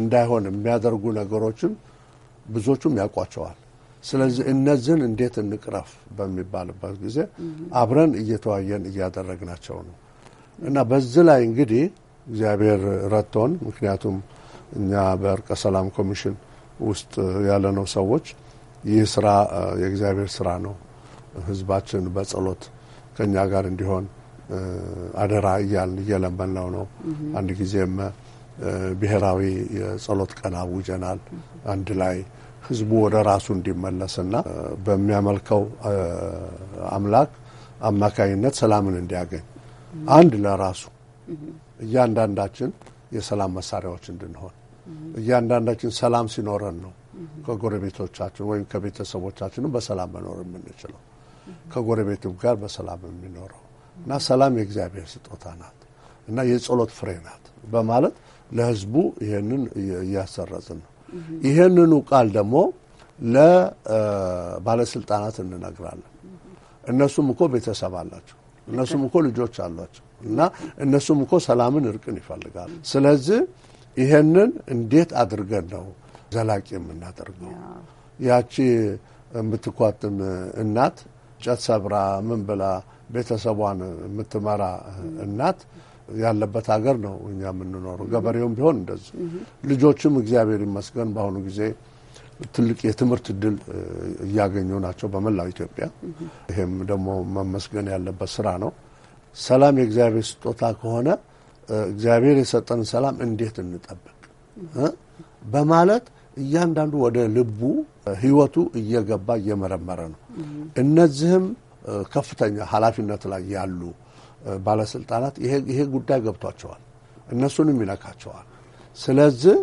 እንዳይሆን የሚያደርጉ ነገሮችን ብዙዎቹም ያውቋቸዋል። ስለዚህ እነዚህን እንዴት እንቅረፍ በሚባልበት ጊዜ አብረን እየተዋየን እያደረግናቸው ነው። እና በዚህ ላይ እንግዲህ እግዚአብሔር ረቶን ምክንያቱም እኛ በእርቀ ሰላም ኮሚሽን ውስጥ ያለነው ሰዎች ይህ ስራ የእግዚአብሔር ስራ ነው። ህዝባችን በጸሎት ከእኛ ጋር እንዲሆን አደራ እያልን እየለመናው ነው። አንድ ጊዜም ብሔራዊ የጸሎት ቀን አውጀናል። አንድ ላይ ህዝቡ ወደ ራሱ እንዲመለስና በሚያመልከው አምላክ አማካኝነት ሰላምን እንዲያገኝ አንድ ለራሱ እያንዳንዳችን የሰላም መሳሪያዎች እንድንሆን እያንዳንዳችን ሰላም ሲኖረን ነው ከጎረቤቶቻችን ወይም ከቤተሰቦቻችንም በሰላም መኖር የምንችለው ከጎረቤትም ጋር በሰላም የሚኖረው እና ሰላም የእግዚአብሔር ስጦታ ናት እና የጸሎት ፍሬ ናት በማለት ለህዝቡ ይህንን እያሰረጽን ነው። ይህንኑ ቃል ደግሞ ለባለስልጣናት እንነግራለን። እነሱም እኮ ቤተሰብ አላቸው። እነሱም እኮ ልጆች አሏቸው እና እነሱም እኮ ሰላምን፣ እርቅን ይፈልጋሉ። ስለዚህ ይሄንን እንዴት አድርገን ነው ዘላቂ የምናደርገው? ያቺ የምትኳትም እናት እንጨት ሰብራ ምን ብላ ቤተሰቧን የምትመራ እናት ያለበት ሀገር ነው እኛ የምንኖረው። ገበሬውም ቢሆን እንደዚህ ልጆችም እግዚአብሔር ይመስገን በአሁኑ ጊዜ ትልቅ የትምህርት እድል እያገኙ ናቸው በመላው ኢትዮጵያ። ይሄም ደግሞ መመስገን ያለበት ስራ ነው። ሰላም የእግዚአብሔር ስጦታ ከሆነ እግዚአብሔር የሰጠን ሰላም እንዴት እንጠብቅ በማለት እያንዳንዱ ወደ ልቡ ህይወቱ እየገባ እየመረመረ ነው። እነዚህም ከፍተኛ ኃላፊነት ላይ ያሉ ባለስልጣናት ይሄ ጉዳይ ገብቷቸዋል፣ እነሱንም ይነካቸዋል። ስለዚህ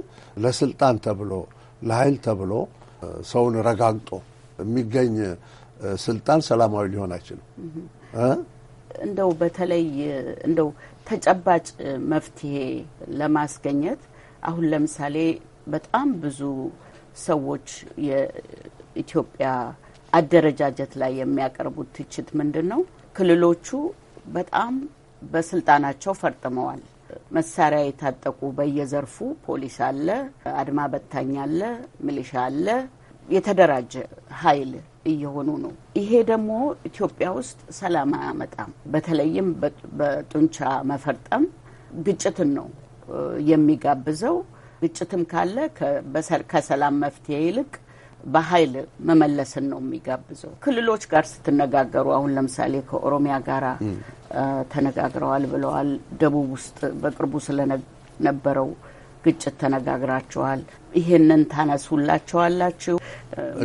ለስልጣን ተብሎ ለኃይል ተብሎ ሰውን ረጋግጦ የሚገኝ ስልጣን ሰላማዊ ሊሆን አይችልም። እንደው በተለይ እንደው ተጨባጭ መፍትሄ ለማስገኘት አሁን ለምሳሌ በጣም ብዙ ሰዎች የኢትዮጵያ አደረጃጀት ላይ የሚያቀርቡት ትችት ምንድን ነው? ክልሎቹ በጣም በስልጣናቸው ፈርጥመዋል። መሳሪያ የታጠቁ በየዘርፉ ፖሊስ አለ፣ አድማ በታኝ አለ፣ ሚሊሻ አለ፣ የተደራጀ ኃይል እየሆኑ ነው። ይሄ ደግሞ ኢትዮጵያ ውስጥ ሰላም አያመጣም። በተለይም በጡንቻ መፈርጠም ግጭትን ነው የሚጋብዘው። ግጭትም ካለ ከሰላም መፍትሄ ይልቅ በኃይል መመለስን ነው የሚጋብዘው። ክልሎች ጋር ስትነጋገሩ አሁን ለምሳሌ ከኦሮሚያ ጋር ተነጋግረዋል ብለዋል። ደቡብ ውስጥ በቅርቡ ስለነበረው ግጭት ተነጋግራቸዋል። ይሄንን ታነሱላቸዋላችሁ?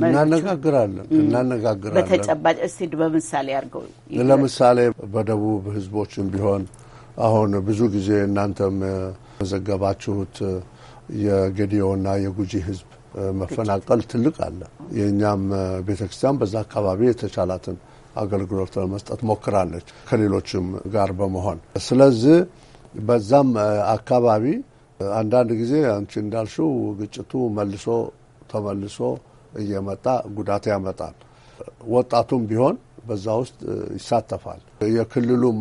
እናነጋግራለን እናነጋግራለን። በተጨባጭ እስቲ በምሳሌ አድርገው። ለምሳሌ በደቡብ ህዝቦችም ቢሆን አሁን ብዙ ጊዜ እናንተም የዘገባችሁት የጌዲዮና የጉጂ ህዝብ መፈናቀል ትልቅ አለ። የእኛም ቤተክርስቲያን በዛ አካባቢ የተቻላትን አገልግሎት ለመስጠት ሞክራለች ከሌሎችም ጋር በመሆን ስለዚህ በዛም አካባቢ አንዳንድ ጊዜ አንቺ እንዳልሽው ግጭቱ መልሶ ተመልሶ እየመጣ ጉዳት ያመጣል። ወጣቱም ቢሆን በዛ ውስጥ ይሳተፋል። የክልሉም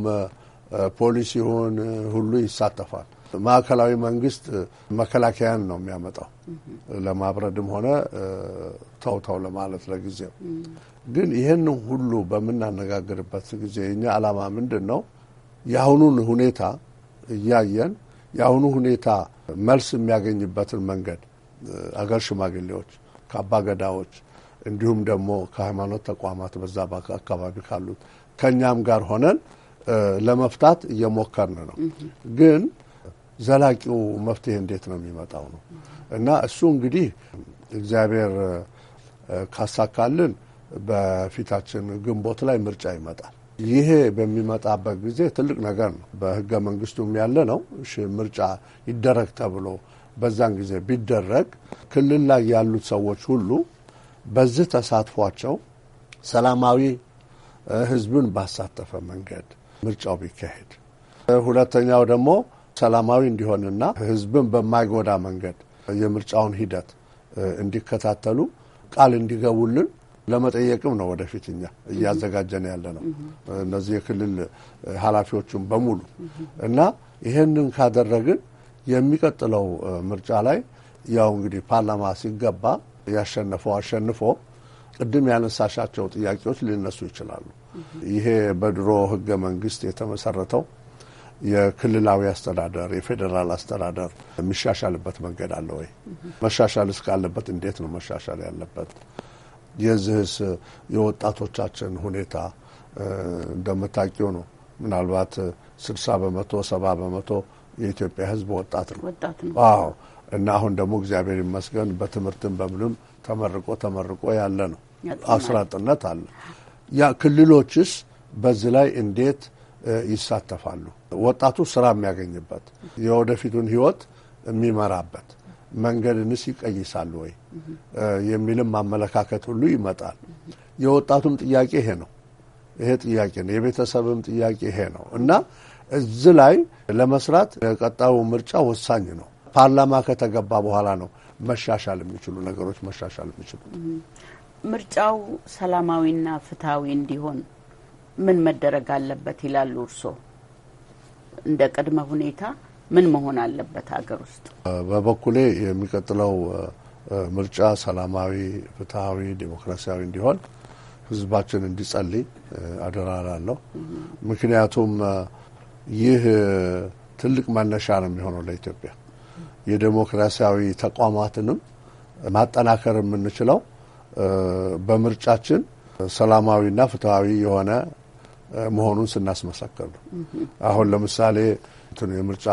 ፖሊስ ይሁን ሁሉ ይሳተፋል። ማዕከላዊ መንግስት መከላከያን ነው የሚያመጣው ለማብረድም ሆነ ተውተው ለማለት ለጊዜው። ግን ይህን ሁሉ በምናነጋግርበት ጊዜ እኛ ዓላማ ምንድን ነው? የአሁኑን ሁኔታ እያየን የአሁኑ ሁኔታ መልስ የሚያገኝበትን መንገድ አገር ሽማግሌዎች ከአባ ገዳዎች እንዲሁም ደግሞ ከሃይማኖት ተቋማት በዛ አካባቢ ካሉት ከእኛም ጋር ሆነን ለመፍታት እየሞከርን ነው ግን ዘላቂው መፍትሄ እንዴት ነው የሚመጣው ነው እና እሱ እንግዲህ እግዚአብሔር ካሳካልን በፊታችን ግንቦት ላይ ምርጫ ይመጣል። ይሄ በሚመጣበት ጊዜ ትልቅ ነገር ነው። በህገ መንግስቱም ያለ ነው። ምርጫ ይደረግ ተብሎ በዛን ጊዜ ቢደረግ ክልል ላይ ያሉት ሰዎች ሁሉ በዚህ ተሳትፏቸው ሰላማዊ ህዝብን ባሳተፈ መንገድ ምርጫው ቢካሄድ፣ ሁለተኛው ደግሞ ሰላማዊ እንዲሆንና ህዝብን በማይጎዳ መንገድ የምርጫውን ሂደት እንዲከታተሉ ቃል እንዲገቡልን ለመጠየቅም ነው። ወደፊት እኛ እያዘጋጀን ያለ ነው እነዚህ የክልል ኃላፊዎችን በሙሉ እና ይህንን ካደረግን የሚቀጥለው ምርጫ ላይ ያው እንግዲህ ፓርላማ ሲገባ ያሸነፈው አሸንፎ ቅድም ያነሳሻቸው ጥያቄዎች ሊነሱ ይችላሉ። ይሄ በድሮ ህገ መንግስት የተመሰረተው የክልላዊ አስተዳደር የፌዴራል አስተዳደር የሚሻሻልበት መንገድ አለ ወይ? መሻሻል እስካለበት እንዴት ነው መሻሻል ያለበት? የዚህስ የወጣቶቻችን ሁኔታ እንደምታውቂው ነው። ምናልባት ስልሳ በመቶ ሰባ በመቶ የኢትዮጵያ ሕዝብ ወጣት ነው። አዎ። እና አሁን ደግሞ እግዚአብሔር ይመስገን በትምህርትም በምንም ተመርቆ ተመርቆ ያለ ነው። አስራጥነት አለ። ያ ክልሎችስ በዚህ ላይ እንዴት ይሳተፋሉ። ወጣቱ ስራ የሚያገኝበት የወደፊቱን ህይወት የሚመራበት መንገድንስ ይቀይሳሉ ወይ የሚልም አመለካከት ሁሉ ይመጣል። የወጣቱም ጥያቄ ይሄ ነው። ይሄ ጥያቄ ነው። የቤተሰብም ጥያቄ ይሄ ነው እና እዚህ ላይ ለመስራት የቀጣዩ ምርጫ ወሳኝ ነው። ፓርላማ ከተገባ በኋላ ነው መሻሻል የሚችሉ ነገሮች መሻሻል የሚችሉት። ምርጫው ሰላማዊና ፍትሐዊ እንዲሆን ምን መደረግ አለበት ይላሉ እርስዎ? እንደ ቅድመ ሁኔታ ምን መሆን አለበት ሀገር ውስጥ? በበኩሌ የሚቀጥለው ምርጫ ሰላማዊ፣ ፍትሐዊ፣ ዴሞክራሲያዊ እንዲሆን ህዝባችን እንዲጸልይ አደራላለሁ። ምክንያቱም ይህ ትልቅ መነሻ ነው የሚሆነው ለኢትዮጵያ። የዴሞክራሲያዊ ተቋማትንም ማጠናከር የምንችለው በምርጫችን ሰላማዊና ፍትሐዊ የሆነ መሆኑን ስናስመሰክር ነው። አሁን ለምሳሌ የምርጫ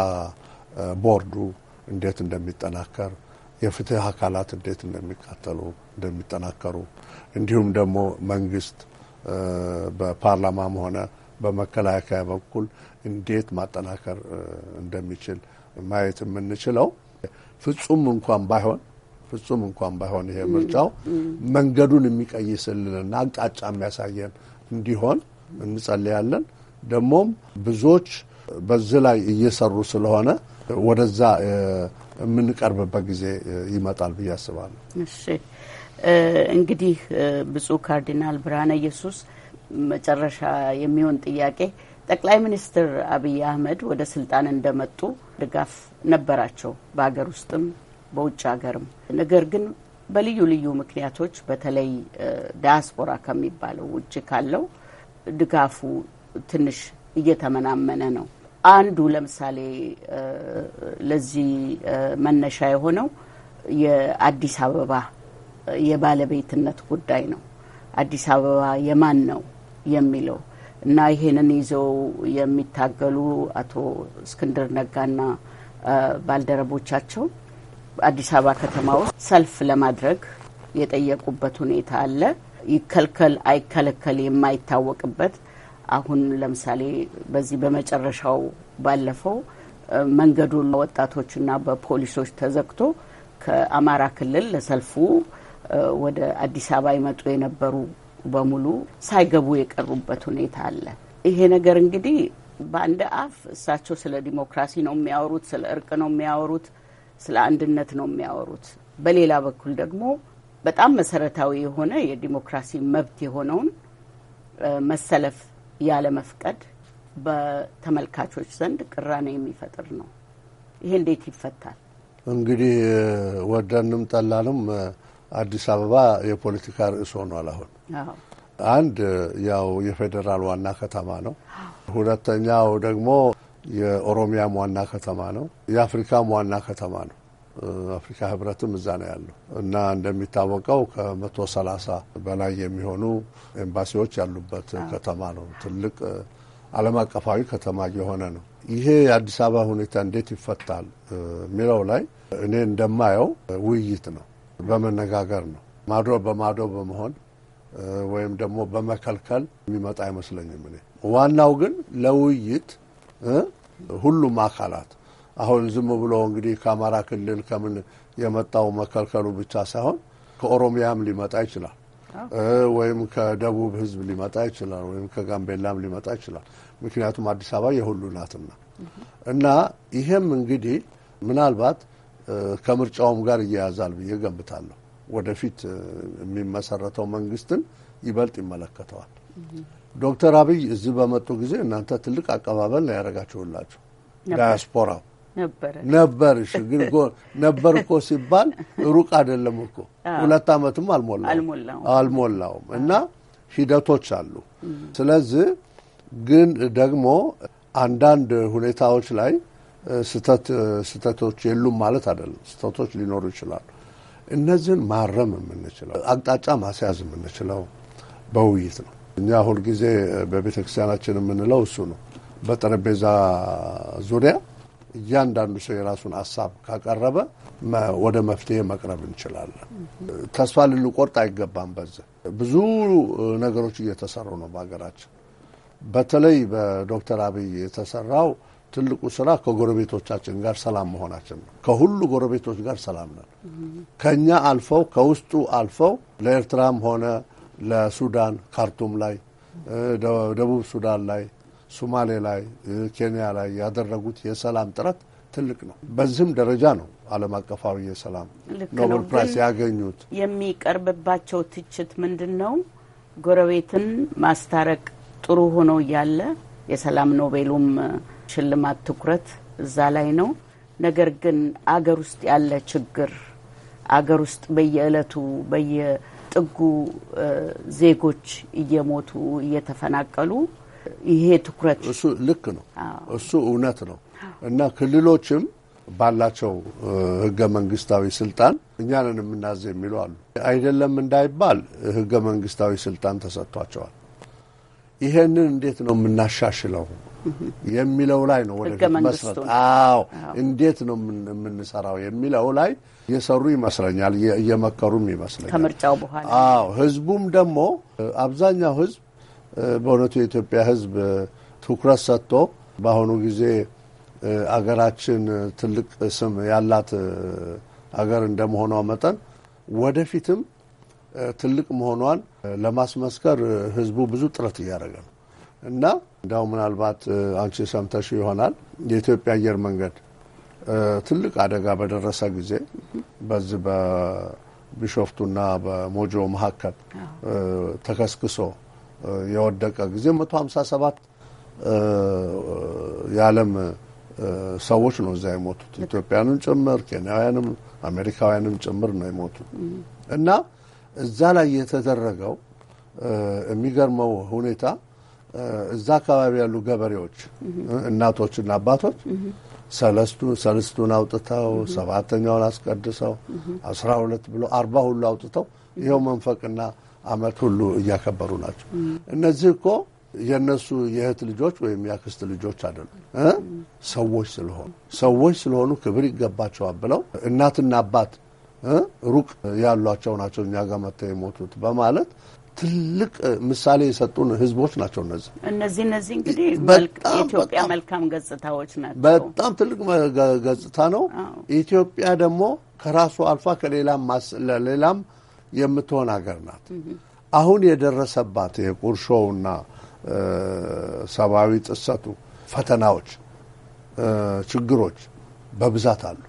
ቦርዱ እንዴት እንደሚጠናከር የፍትህ አካላት እንዴት እንደሚካተሉ እንደሚጠናከሩ እንዲሁም ደግሞ መንግስት በፓርላማም ሆነ በመከላከያ በኩል እንዴት ማጠናከር እንደሚችል ማየት የምንችለው ፍጹም እንኳን ባይሆን ፍጹም እንኳን ባይሆን ይሄ ምርጫው መንገዱን የሚቀይስልንና አቅጣጫ የሚያሳየን እንዲሆን እንጸልያለን። ደግሞም ብዙዎች በዚህ ላይ እየሰሩ ስለሆነ ወደዛ የምንቀርብበት ጊዜ ይመጣል ብዬ አስባለሁ። እሺ እንግዲህ ብፁዕ ካርዲናል ብርሃነ ኢየሱስ መጨረሻ የሚሆን ጥያቄ ጠቅላይ ሚኒስትር አብይ አህመድ ወደ ስልጣን እንደመጡ ድጋፍ ነበራቸው በሀገር ውስጥም በውጭ ሀገርም። ነገር ግን በልዩ ልዩ ምክንያቶች በተለይ ዳያስፖራ ከሚባለው ውጭ ካለው ድጋፉ ትንሽ እየተመናመነ ነው። አንዱ ለምሳሌ ለዚህ መነሻ የሆነው የአዲስ አበባ የባለቤትነት ጉዳይ ነው። አዲስ አበባ የማን ነው የሚለው እና ይሄንን ይዘው የሚታገሉ አቶ እስክንድር ነጋና ባልደረቦቻቸው አዲስ አበባ ከተማ ውስጥ ሰልፍ ለማድረግ የጠየቁበት ሁኔታ አለ። ይከልከል አይከለከል የማይታወቅበት አሁን ለምሳሌ በዚህ በመጨረሻው ባለፈው መንገዱን ወጣቶችና በፖሊሶች ተዘግቶ ከአማራ ክልል ለሰልፉ ወደ አዲስ አበባ ይመጡ የነበሩ በሙሉ ሳይገቡ የቀሩበት ሁኔታ አለ። ይሄ ነገር እንግዲህ በአንድ አፍ እሳቸው ስለ ዲሞክራሲ ነው የሚያወሩት፣ ስለ እርቅ ነው የሚያወሩት፣ ስለ አንድነት ነው የሚያወሩት። በሌላ በኩል ደግሞ በጣም መሰረታዊ የሆነ የዲሞክራሲ መብት የሆነውን መሰለፍ ያለ መፍቀድ በተመልካቾች ዘንድ ቅራኔ የሚፈጥር ነው። ይሄ እንዴት ይፈታል? እንግዲህ ወደንም ጠላንም አዲስ አበባ የፖለቲካ ርዕስ ሆኗል። አሁን አንድ ያው የፌዴራል ዋና ከተማ ነው። ሁለተኛው ደግሞ የኦሮሚያም ዋና ከተማ ነው። የአፍሪካም ዋና ከተማ ነው። አፍሪካ ህብረትም እዛ ነው ያለው እና እንደሚታወቀው ከመቶ ሰላሳ በላይ የሚሆኑ ኤምባሲዎች ያሉበት ከተማ ነው። ትልቅ ዓለም አቀፋዊ ከተማ የሆነ ነው። ይሄ የአዲስ አበባ ሁኔታ እንዴት ይፈታል የሚለው ላይ እኔ እንደማየው ውይይት ነው፣ በመነጋገር ነው። ማዶ በማዶ በመሆን ወይም ደግሞ በመከልከል የሚመጣ አይመስለኝም። እኔ ዋናው ግን ለውይይት ሁሉም አካላት አሁን ዝም ብሎ እንግዲህ ከአማራ ክልል ከምን የመጣው መከልከሉ ብቻ ሳይሆን ከኦሮሚያም ሊመጣ ይችላል ወይም ከደቡብ ህዝብ ሊመጣ ይችላል ወይም ከጋምቤላም ሊመጣ ይችላል። ምክንያቱም አዲስ አበባ የሁሉ ናትና እና ይህም እንግዲህ ምናልባት ከምርጫውም ጋር እያያዛል ብዬ ገምታለሁ። ወደፊት የሚመሰረተው መንግስትን ይበልጥ ይመለከተዋል። ዶክተር አብይ እዚህ በመጡ ጊዜ እናንተ ትልቅ አቀባበል ነው ያደረጋችሁላቸው ዳያስፖራው ነበር። እሺ ግን ነበር እኮ ሲባል ሩቅ አይደለም እኮ ሁለት ዓመትም አልሞላውም እና ሂደቶች አሉ። ስለዚህ ግን ደግሞ አንዳንድ ሁኔታዎች ላይ ስህተቶች የሉም ማለት አይደለም። ስህተቶች ሊኖሩ ይችላሉ። እነዚህን ማረም የምንችለው አቅጣጫ ማስያዝ የምንችለው በውይይት ነው። እኛ ሁልጊዜ በቤተክርስቲያናችን የምንለው እሱ ነው። በጠረጴዛ ዙሪያ እያንዳንዱ ሰው የራሱን ሀሳብ ካቀረበ ወደ መፍትሄ መቅረብ እንችላለን። ተስፋ ልንቆርጥ አይገባም። በዚህ ብዙ ነገሮች እየተሰሩ ነው በሀገራችን። በተለይ በዶክተር አብይ የተሰራው ትልቁ ስራ ከጎረቤቶቻችን ጋር ሰላም መሆናችን ነው። ከሁሉ ጎረቤቶች ጋር ሰላም ነን። ከእኛ አልፈው ከውስጡ አልፈው ለኤርትራም ሆነ ለሱዳን ካርቱም ላይ፣ ደቡብ ሱዳን ላይ ሶማሌ ላይ፣ ኬንያ ላይ ያደረጉት የሰላም ጥረት ትልቅ ነው። በዚህም ደረጃ ነው ዓለም አቀፋዊ የሰላም ኖቤል ፕራይስ ያገኙት። የሚቀርብባቸው ትችት ምንድን ነው? ጎረቤትን ማስታረቅ ጥሩ ሆኖ እያለ የሰላም ኖቤሉም ሽልማት ትኩረት እዛ ላይ ነው። ነገር ግን አገር ውስጥ ያለ ችግር አገር ውስጥ በየዕለቱ በየጥጉ ዜጎች እየሞቱ እየተፈናቀሉ ይሄ ትኩረት እሱ ልክ ነው፣ እሱ እውነት ነው እና ክልሎችም ባላቸው ህገ መንግስታዊ ስልጣን እኛንን የምናዘ የሚሉ አሉ። አይደለም እንዳይባል ህገ መንግስታዊ ስልጣን ተሰጥቷቸዋል። ይሄንን እንዴት ነው የምናሻሽለው የሚለው ላይ ነው ወደፊት መስረት። አዎ እንዴት ነው የምንሰራው የሚለው ላይ እየሰሩ ይመስለኛል፣ እየመከሩም ይመስለኛል። ከምርጫው በኋላ አዎ ህዝቡም ደግሞ አብዛኛው ህዝብ በእውነቱ የኢትዮጵያ ሕዝብ ትኩረት ሰጥቶ በአሁኑ ጊዜ አገራችን ትልቅ ስም ያላት አገር እንደመሆኗ መጠን ወደፊትም ትልቅ መሆኗን ለማስመስከር ህዝቡ ብዙ ጥረት እያደረገ ነው እና እንዲያው ምናልባት አንቺ ሰምተሽ ይሆናል የኢትዮጵያ አየር መንገድ ትልቅ አደጋ በደረሰ ጊዜ በዚህ በቢሾፍቱና በሞጆ መካከል ተከስክሶ የወደቀ ጊዜ 157 የዓለም ሰዎች ነው እዛ የሞቱት። ኢትዮጵያንም ጭምር ኬንያውያንም አሜሪካውያንም ጭምር ነው የሞቱት እና እዛ ላይ የተደረገው የሚገርመው ሁኔታ እዛ አካባቢ ያሉ ገበሬዎች እናቶችና አባቶች ሰለስቱን አውጥተው ሰባተኛውን አስቀድሰው አስራ ሁለት ብሎ አርባ ሁሉ አውጥተው ይኸው መንፈቅና አመት ሁሉ እያከበሩ ናቸው። እነዚህ እኮ የእነሱ የእህት ልጆች ወይም የአክስት ልጆች አይደሉም፣ ሰዎች ስለሆኑ ሰዎች ስለሆኑ ክብር ይገባቸዋል ብለው እናትና አባት ሩቅ ያሏቸው ናቸው እኛ ጋር መጥተው የሞቱት በማለት ትልቅ ምሳሌ የሰጡን ህዝቦች ናቸው። እነዚህ እነዚህ እነዚህ እንግዲህ የኢትዮጵያ መልካም ገጽታዎች ናቸው። በጣም ትልቅ ገጽታ ነው። ኢትዮጵያ ደግሞ ከራሱ አልፋ ከሌላም የምትሆን ሀገር ናት። አሁን የደረሰባት የቁርሾውና ሰብአዊ ጥሰቱ ፈተናዎች፣ ችግሮች በብዛት አሉ።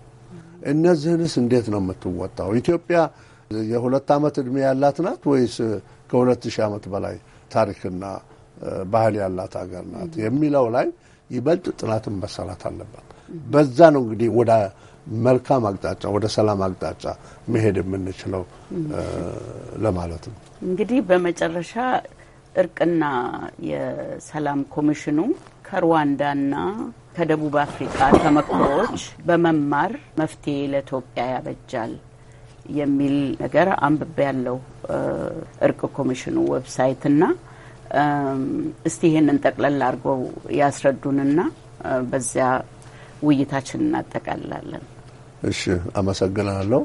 እነዚህንስ እንዴት ነው የምትወጣው? ኢትዮጵያ የሁለት ዓመት ዕድሜ ያላት ናት ወይስ ከሁለት ሺህ ዓመት በላይ ታሪክና ባህል ያላት ሀገር ናት የሚለው ላይ ይበልጥ ጥናትን መሰራት አለባት። በዛ ነው እንግዲህ ወደ መልካም አቅጣጫ ወደ ሰላም አቅጣጫ መሄድ የምንችለው ለማለት ነው። እንግዲህ በመጨረሻ እርቅና የሰላም ኮሚሽኑ ከሩዋንዳና ከደቡብ አፍሪካ ተመክሮዎች በመማር መፍትሄ ለኢትዮጵያ ያበጃል የሚል ነገር አንብቤ ያለው እርቅ ኮሚሽኑ ዌብሳይትና እስቲ ይህንን ጠቅለል አድርገው ያስረዱንና በዚያ ውይይታችን እናጠቃልላለን። እሺ፣ አመሰግናለሁ።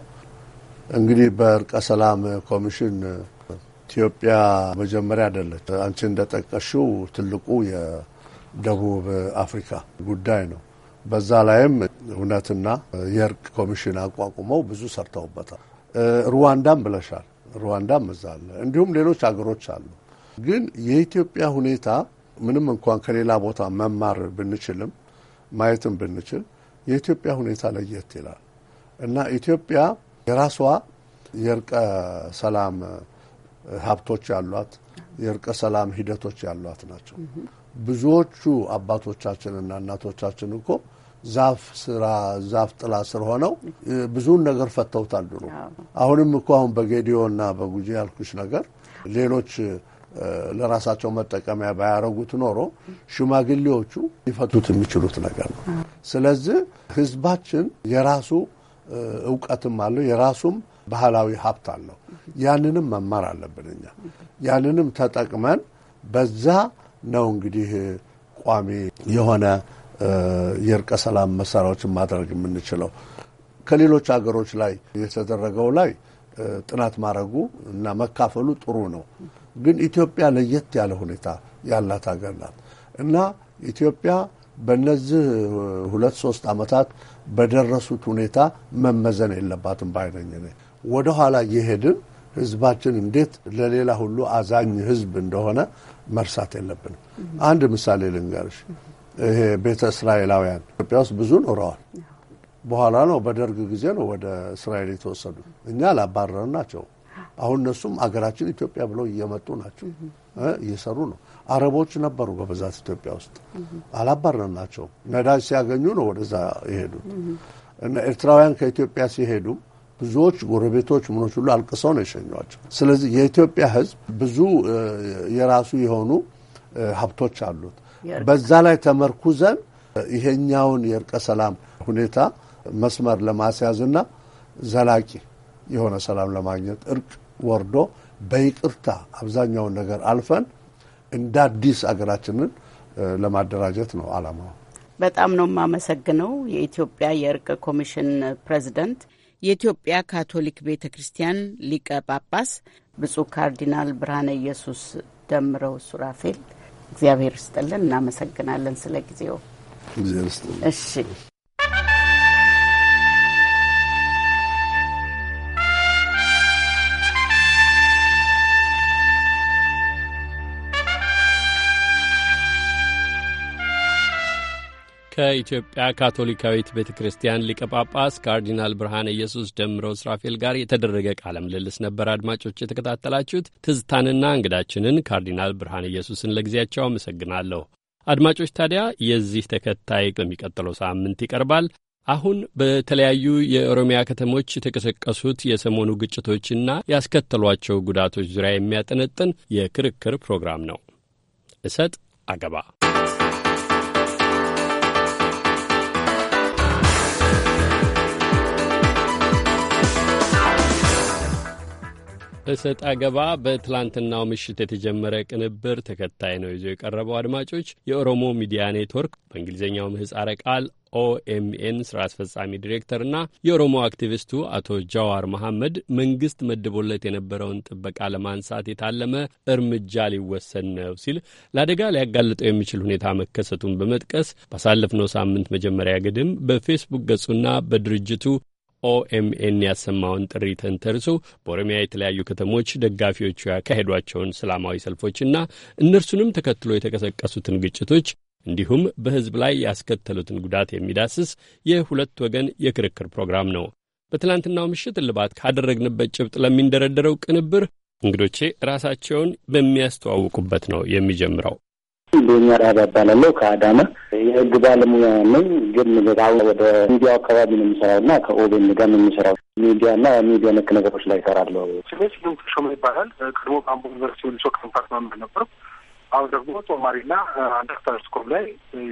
እንግዲህ በእርቀ ሰላም ኮሚሽን ኢትዮጵያ መጀመሪያ አይደለች። አንቺ እንደጠቀሽው ትልቁ የደቡብ አፍሪካ ጉዳይ ነው። በዛ ላይም እውነትና የእርቅ ኮሚሽን አቋቁመው ብዙ ሰርተውበታል። ሩዋንዳም ብለሻል። ሩዋንዳም እዛ አለ፣ እንዲሁም ሌሎች ሀገሮች አሉ። ግን የኢትዮጵያ ሁኔታ ምንም እንኳን ከሌላ ቦታ መማር ብንችልም ማየትም ብንችል የኢትዮጵያ ሁኔታ ለየት ይላል። እና ኢትዮጵያ የራሷ የእርቀ ሰላም ሀብቶች ያሏት የእርቀ ሰላም ሂደቶች ያሏት ናቸው። ብዙዎቹ አባቶቻችንና እናቶቻችን እኮ ዛፍ ስራ ዛፍ ጥላ ስር ሆነው ብዙውን ነገር ፈተውታል ድሮ። አሁንም እኮ አሁን በጌዲዮና በጉጂ ያልኩሽ ነገር ሌሎች ለራሳቸው መጠቀሚያ ባያረጉት ኖሮ ሽማግሌዎቹ ሊፈቱት የሚችሉት ነገር ነው። ስለዚህ ህዝባችን የራሱ እውቀትም አለው፣ የራሱም ባህላዊ ሀብት አለው። ያንንም መማር አለብን እኛ ያንንም ተጠቅመን በዛ ነው እንግዲህ ቋሚ የሆነ የእርቀ ሰላም መሳሪያዎችን ማድረግ የምንችለው። ከሌሎች ሀገሮች ላይ የተደረገው ላይ ጥናት ማድረጉ እና መካፈሉ ጥሩ ነው። ግን ኢትዮጵያ ለየት ያለ ሁኔታ ያላት ሀገር ናት እና ኢትዮጵያ በእነዚህ ሁለት ሶስት ዓመታት በደረሱት ሁኔታ መመዘን የለባትም ባይነኝ። ወደ ኋላ እየሄድን ህዝባችን እንዴት ለሌላ ሁሉ አዛኝ ህዝብ እንደሆነ መርሳት የለብንም። አንድ ምሳሌ ልንገርሽ። ይሄ ቤተ እስራኤላውያን ኢትዮጵያ ውስጥ ብዙ ኖረዋል። በኋላ ነው በደርግ ጊዜ ነው ወደ እስራኤል የተወሰዱ። እኛ አላባረርን ናቸው። አሁን እነሱም አገራችን ኢትዮጵያ ብለው እየመጡ ናቸው፣ እየሰሩ ነው። አረቦች ነበሩ በብዛት ኢትዮጵያ ውስጥ። ናቸው ነዳጅ ሲያገኙ ነው ወደዛ የሄዱት እና ኤርትራውያን ከኢትዮጵያ ሲሄዱ ብዙዎች ጎረቤቶች ምኖች ሁሉ አልቅሰው ነው የሸኟቸው። ስለዚህ የኢትዮጵያ ሕዝብ ብዙ የራሱ የሆኑ ሀብቶች አሉት። በዛ ላይ ተመርኩዘን ይሄኛውን የእርቀ ሰላም ሁኔታ መስመር ለማስያዝና ዘላቂ የሆነ ሰላም ለማግኘት እርቅ ወርዶ በይቅርታ አብዛኛውን ነገር አልፈን እንደ አዲስ አገራችንን ለማደራጀት ነው አላማው። በጣም ነው የማመሰግነው። የኢትዮጵያ የእርቅ ኮሚሽን ፕሬዚደንት፣ የኢትዮጵያ ካቶሊክ ቤተ ክርስቲያን ሊቀ ጳጳስ ብፁዕ ካርዲናል ብርሃነ ኢየሱስ ደምረው ሱራፌል፣ እግዚአብሔር ስጥልን። እናመሰግናለን ስለ ጊዜው። እሺ ከኢትዮጵያ ካቶሊካዊት ቤተ ክርስቲያን ሊቀ ጳጳስ ካርዲናል ብርሃነ ኢየሱስ ደምረው ስራፌል ጋር የተደረገ ቃለ ምልልስ ነበር። አድማጮች የተከታተላችሁት። ትዝታንና እንግዳችንን ካርዲናል ብርሃነ ኢየሱስን ለጊዜያቸው አመሰግናለሁ። አድማጮች ታዲያ የዚህ ተከታይ በሚቀጥለው ሳምንት ይቀርባል። አሁን በተለያዩ የኦሮሚያ ከተሞች የተቀሰቀሱት የሰሞኑ ግጭቶችና ያስከተሏቸው ጉዳቶች ዙሪያ የሚያጠነጥን የክርክር ፕሮግራም ነው። እሰጥ አገባ እሰጥ አገባ በትላንትናው ምሽት የተጀመረ ቅንብር ተከታይ ነው ይዞ የቀረበው። አድማጮች የኦሮሞ ሚዲያ ኔትወርክ በእንግሊዝኛው ምህጻረ ቃል ኦኤምኤን ስራ አስፈጻሚ ዲሬክተርና የኦሮሞ አክቲቪስቱ አቶ ጃዋር መሐመድ መንግስት መድቦለት የነበረውን ጥበቃ ለማንሳት የታለመ እርምጃ ሊወሰድ ነው ሲል ለአደጋ ሊያጋልጠው የሚችል ሁኔታ መከሰቱን በመጥቀስ ባሳለፍነው ሳምንት መጀመሪያ ግድም በፌስቡክ ገጹና በድርጅቱ ኦኤምኤን ያሰማውን ጥሪ ተንተርሶ በኦሮሚያ የተለያዩ ከተሞች ደጋፊዎቹ ያካሄዷቸውን ሰላማዊ ሰልፎችና እነርሱንም ተከትሎ የተቀሰቀሱትን ግጭቶች እንዲሁም በሕዝብ ላይ ያስከተሉትን ጉዳት የሚዳስስ የሁለት ወገን የክርክር ፕሮግራም ነው። በትላንትናው ምሽት እልባት ካደረግንበት ጭብጥ ለሚንደረደረው ቅንብር እንግዶቼ ራሳቸውን በሚያስተዋውቁበት ነው የሚጀምረው። እንደኛ ረሀብ ያባላለው ከአዳማ የህግ ባለሙያ ነኝ። ግን በጣም ወደ ሚዲያው አካባቢ ነው የሚሰራው እና ከኦቤን ጋር ነው የሚሰራው ሚዲያ እና ሚዲያ ነክ ነገሮች ላይ ይሰራለሁ። ስሜ ስዩም ተሾመ ይባላል። ቀድሞ ከአምቦ ዩኒቨርሲቲ ልሶ ካምፓስ መምህር ነበርኩ። አሁን ደግሞ ጦማሪና አንዳክታር ላይ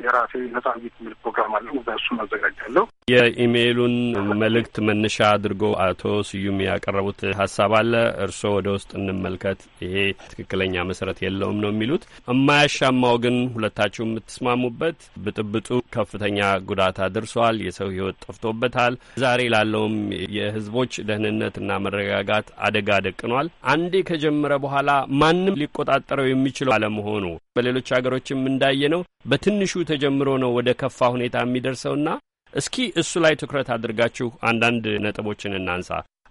የራሴ ነጻ ውይይት የሚል ፕሮግራም አለ። ወደ አዘጋጃለሁ። የኢሜይሉን መልእክት መነሻ አድርጎ አቶ ስዩም ያቀረቡት ሀሳብ አለ። እርስዎ ወደ ውስጥ እንመልከት። ይሄ ትክክለኛ መሰረት የለውም ነው የሚሉት። የማያሻማው ግን ሁለታችሁ የምትስማሙበት ብጥብጡ ከፍተኛ ጉዳት አድርሷል። የሰው ህይወት ጠፍቶበታል። ዛሬ ላለውም የህዝቦች ደህንነትና መረጋጋት አደጋ ደቅኗል። አንዴ ከጀመረ በኋላ ማንም ሊቆጣጠረው የሚችለው አለመሆ ሆኑ። በሌሎች እንዳየ ነው። በትንሹ ተጀምሮ ነው ወደ ከፋ ሁኔታ የሚደርሰውና እስኪ እሱ ላይ ትኩረት አድርጋችሁ አንዳንድ ነጥቦችን እናንሳ።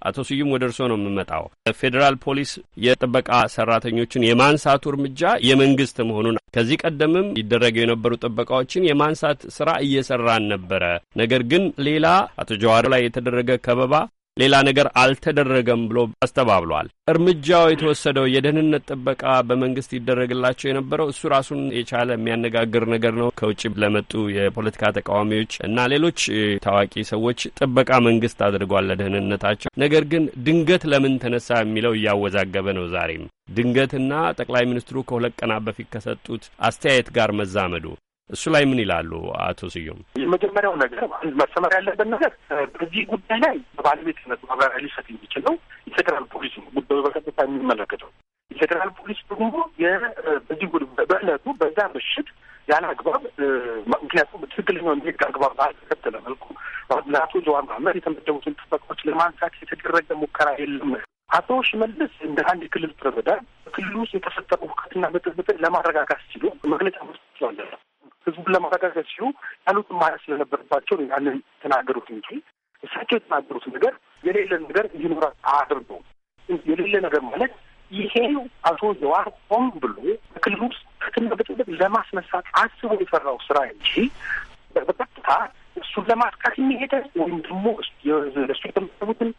አቶ ስዩም ወደ እርስዎ ነው የምመጣው። ፌዴራል ፖሊስ የጥበቃ ሰራተኞችን የማንሳቱ እርምጃ የመንግስት መሆኑን ከዚህ ቀደምም ይደረገው የነበሩ ጥበቃዎችን የማንሳት ስራ እየሰራን ነበረ። ነገር ግን ሌላ አቶ ጀዋር ላይ የተደረገ ከበባ ሌላ ነገር አልተደረገም ብሎ አስተባብሏል። እርምጃው የተወሰደው የደህንነት ጥበቃ በመንግስት ይደረግላቸው የነበረው እሱ ራሱን የቻለ የሚያነጋግር ነገር ነው። ከውጭ ለመጡ የፖለቲካ ተቃዋሚዎች እና ሌሎች ታዋቂ ሰዎች ጥበቃ መንግስት አድርጓል ለደህንነታቸው። ነገር ግን ድንገት ለምን ተነሳ የሚለው እያወዛገበ ነው። ዛሬም ድንገትና ጠቅላይ ሚኒስትሩ ከሁለት ቀናት በፊት ከሰጡት አስተያየት ጋር መዛመዱ እሱ ላይ ምን ይላሉ አቶ ስዩም? የመጀመሪያው ነገር አንድ መሰመር ያለበት ነገር በዚህ ጉዳይ ላይ በባለቤትነት ማብራሪያ ሊሰጥ የሚችል ነው የፌዴራል ፖሊስ ነው ጉዳዩ በቀጥታ የሚመለከተው። የፌዴራል ፖሊስ ደግሞ በዚህ በእለቱ በዛ ምሽት ያለ አግባብ ምክንያቱም እንደ ህግ አግባብ ባልተከተለ መልኩ ለአቶ ጀዋር መሀመድ የተመደቡትን ጥበቃዎች ለማንሳት የተደረገ ሙከራ የለም። አቶ ሽመልስ እንደ አንድ የክልል ፕሬዚዳንት በክልሉ ውስጥ የተፈጠሩ ሁከትና ብጥብጥ ለማረጋጋት ሲሉ መግለጫ መስጥቷል። ህዝቡን ለማረጋጋት ሲሉ ያሉት ማለት ስለነበረባቸው ያንን ተናገሩት እንጂ እሳቸው የተናገሩት ነገር የሌለ ነገር እንዲኖረ አድርጎ የሌለ ነገር ማለት ይሄ አቶ ዘዋር ሆም ብሎ በክልሉ ውስጥ ከትና በጥብቅ ለማስነሳት አስቦ የሰራው ስራ እንጂ በቀጥታ እሱን ለማጥቃት የሚሄደ ወይም ደግሞ ለሱ የተመሰቡትን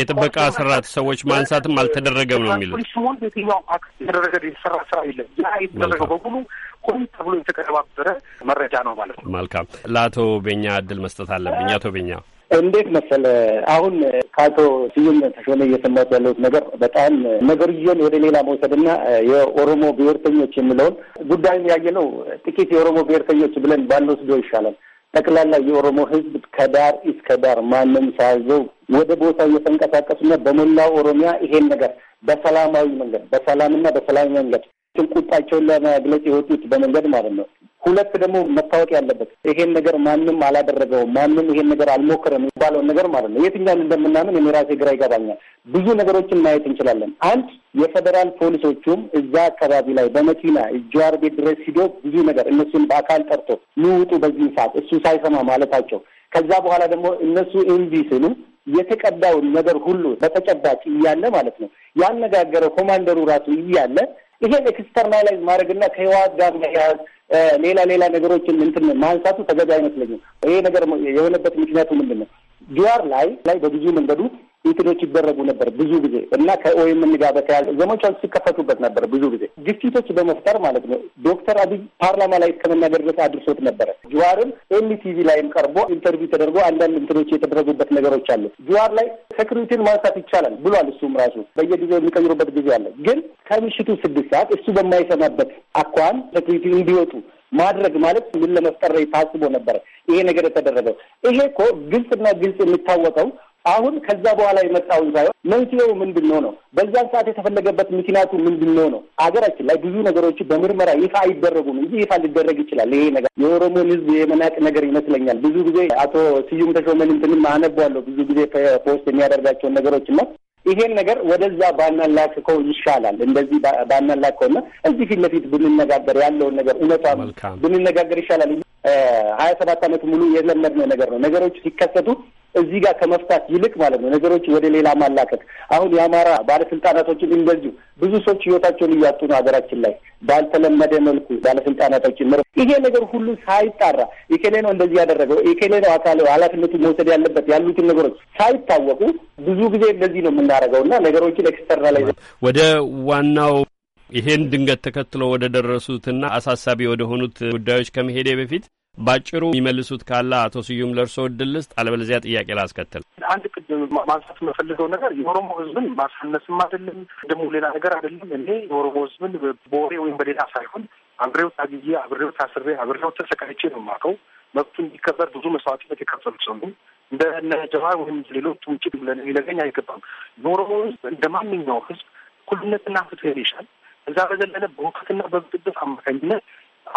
የጥበቃ ስራት ሰዎች ማንሳትም አልተደረገም ነው የሚሉት። ሲሆን የትኛው የተደረገ የተሰራ ስራ የለም። ያ የተደረገው በሙሉ ሆን ተብሎ የተቀነባበረ መረጃ ነው ማለት ነው። መልካም። ለአቶ ቤኛ እድል መስጠት አለብኝ። አቶ ቤኛ እንዴት መሰለ፣ አሁን ከአቶ ስዩም ተሾመ እየሰማት ያለሁት ነገር በጣም ነገርየን ወደ ሌላ መውሰድና የኦሮሞ ብሔርተኞች የሚለውን ያየ ነው። ጥቂት የኦሮሞ ብሔርተኞች ብለን ባንወስዶ ይሻላል። ጠቅላላ የኦሮሞ ሕዝብ ከዳር እስከ ዳር ማንም ሳያዘው ወደ ቦታ እየተንቀሳቀሱና በሞላው ኦሮሚያ ይሄን ነገር በሰላማዊ መንገድ በሰላምና በሰላም መንገድ ቁጣቸውን ለመግለጽ የወጡት በመንገድ ማለት ነው። ሁለት ደግሞ መታወቅ ያለበት ይሄን ነገር ማንም አላደረገውም፣ ማንም ይሄን ነገር አልሞክርም የሚባለውን ነገር ማለት ነው። የትኛውን እንደምናምን የራሴ ግራ ይገባኛል። ብዙ ነገሮችን ማየት እንችላለን። አንድ የፌዴራል ፖሊሶቹም እዛ አካባቢ ላይ በመኪና ጀዋር ቤት ድረስ ሂዶ ብዙ ነገር እነሱን በአካል ጠርቶ ንውጡ በዚህ ሰዓት እሱ ሳይሰማ ማለታቸው ከዛ በኋላ ደግሞ እነሱ እምቢ ስሉ የተቀዳውን ነገር ሁሉ በተጨባጭ እያለ ማለት ነው ያነጋገረ ኮማንደሩ ራሱ እያለ ይሄን ኤክስተርናላይዝ ማድረግና ከህወሓት ጋር መያያዝ ሌላ ሌላ ነገሮችን እንትን ማንሳቱ ተገቢ አይመስለኝም። ይሄ ነገር የሆነበት ምክንያቱ ምንድን ነው? ዲዋር ላይ ላይ በብዙ መንገዱ እንትኖች ይደረጉ ነበር ብዙ ጊዜ እና ከኦኤምን ጋር በተያያዘ ዘመቻ ሲከፈቱበት ነበር ብዙ ጊዜ ግፊቶች በመፍጠር ማለት ነው። ዶክተር አብይ ፓርላማ ላይ እስከመናገር ድረስ አድርሶት ነበረ። ጅዋርም ኤንቲቪ ላይም ቀርቦ ኢንተርቪው ተደርጎ አንዳንድ እንትኖች የተደረጉበት ነገሮች አሉ። ጅዋር ላይ ሴኩሪቲን ማንሳት ይቻላል ብሏል። እሱም ራሱ በየጊዜው የሚቀይሩበት ጊዜ አለ። ግን ከምሽቱ ስድስት ሰዓት እሱ በማይሰማበት አኳን ሴኩሪቲ እንዲወጡ ማድረግ ማለት ምን ለመፍጠር ታስቦ ነበረ ይሄ ነገር የተደረገው? ይሄ እኮ ግልጽና ግልጽ የሚታወቀው አሁን ከዛ በኋላ የመጣውን ሳይሆን መንስኤው ምንድን ነው ነው። በዛን ሰዓት የተፈለገበት ምክንያቱ ምንድን ነው ነው። አገራችን ላይ ብዙ ነገሮች በምርመራ ይፋ አይደረጉም እንጂ ይፋ ሊደረግ ይችላል። ይሄ ነገር የኦሮሞን ሕዝብ የመናቅ ነገር ይመስለኛል። ብዙ ጊዜ አቶ ስዩም ተሾመን እንትንም አነቧለሁ ብዙ ጊዜ ፖስት የሚያደርጋቸውን ነገሮች ነው። ይሄን ነገር ወደዛ ባናላክከው ይሻላል። እንደዚህ ባናላክከውና እዚህ ፊት ለፊት ብንነጋገር ያለውን ነገር እውነቷ ብንነጋገር ይሻላል። ሀያ ሰባት ዓመት ሙሉ የለመድነው ነገር ነው። ነገሮች ሲከሰቱ እዚህ ጋር ከመፍታት ይልቅ ማለት ነው ነገሮች ወደ ሌላ ማላከት። አሁን የአማራ ባለስልጣናቶችን እንደዚሁ ብዙ ሰዎች ህይወታቸውን እያጡ ነው። ሀገራችን ላይ ባልተለመደ መልኩ ባለስልጣናቶችን ምር ይሄ ነገር ሁሉ ሳይጣራ ኢኬሌ ነው እንደዚህ ያደረገው ኢኬሌ ነው አካል ኃላፊነቱ መውሰድ ያለበት ያሉትን ነገሮች ሳይታወቁ ብዙ ጊዜ እንደዚህ ነው የምናደርገው እና ነገሮችን ኤክስተርናላይዘ ወደ ዋናው ይሄን ድንገት ተከትሎ ወደ ደረሱትና አሳሳቢ ወደ ሆኑት ጉዳዮች ከመሄዴ በፊት ባጭሩ የሚመልሱት ካለ አቶ ስዩም ለእርሶ እድል ስጥ፣ አለበለዚያ ጥያቄ ላስከትል። አንድ ቅድም ማንሳት የምፈልገው ነገር የኦሮሞ ሕዝብን ማሳነስም አይደለም ደግሞ ሌላ ነገር አይደለም። እኔ የኦሮሞ ሕዝብን በወሬ ወይም በሌላ ሳይሆን አብሬው ታግዬ፣ አብሬው ታስሬ፣ አብሬው ተሰቃይቼ ነው የማውቀው። መብቱ እንዲከበር ብዙ መስዋዕትነት የከፈሉ ሰው እንደ እነ ጀዋር ወይም ሌሎች ውጭ ሊለገኝ አይገባም። የኦሮሞ ሕዝብ እንደ ማንኛው ሕዝብ እኩልነትና ፍትህን ይሻል። ከዛ በዘለለ በውከትና በብጥብጥ አማካኝነት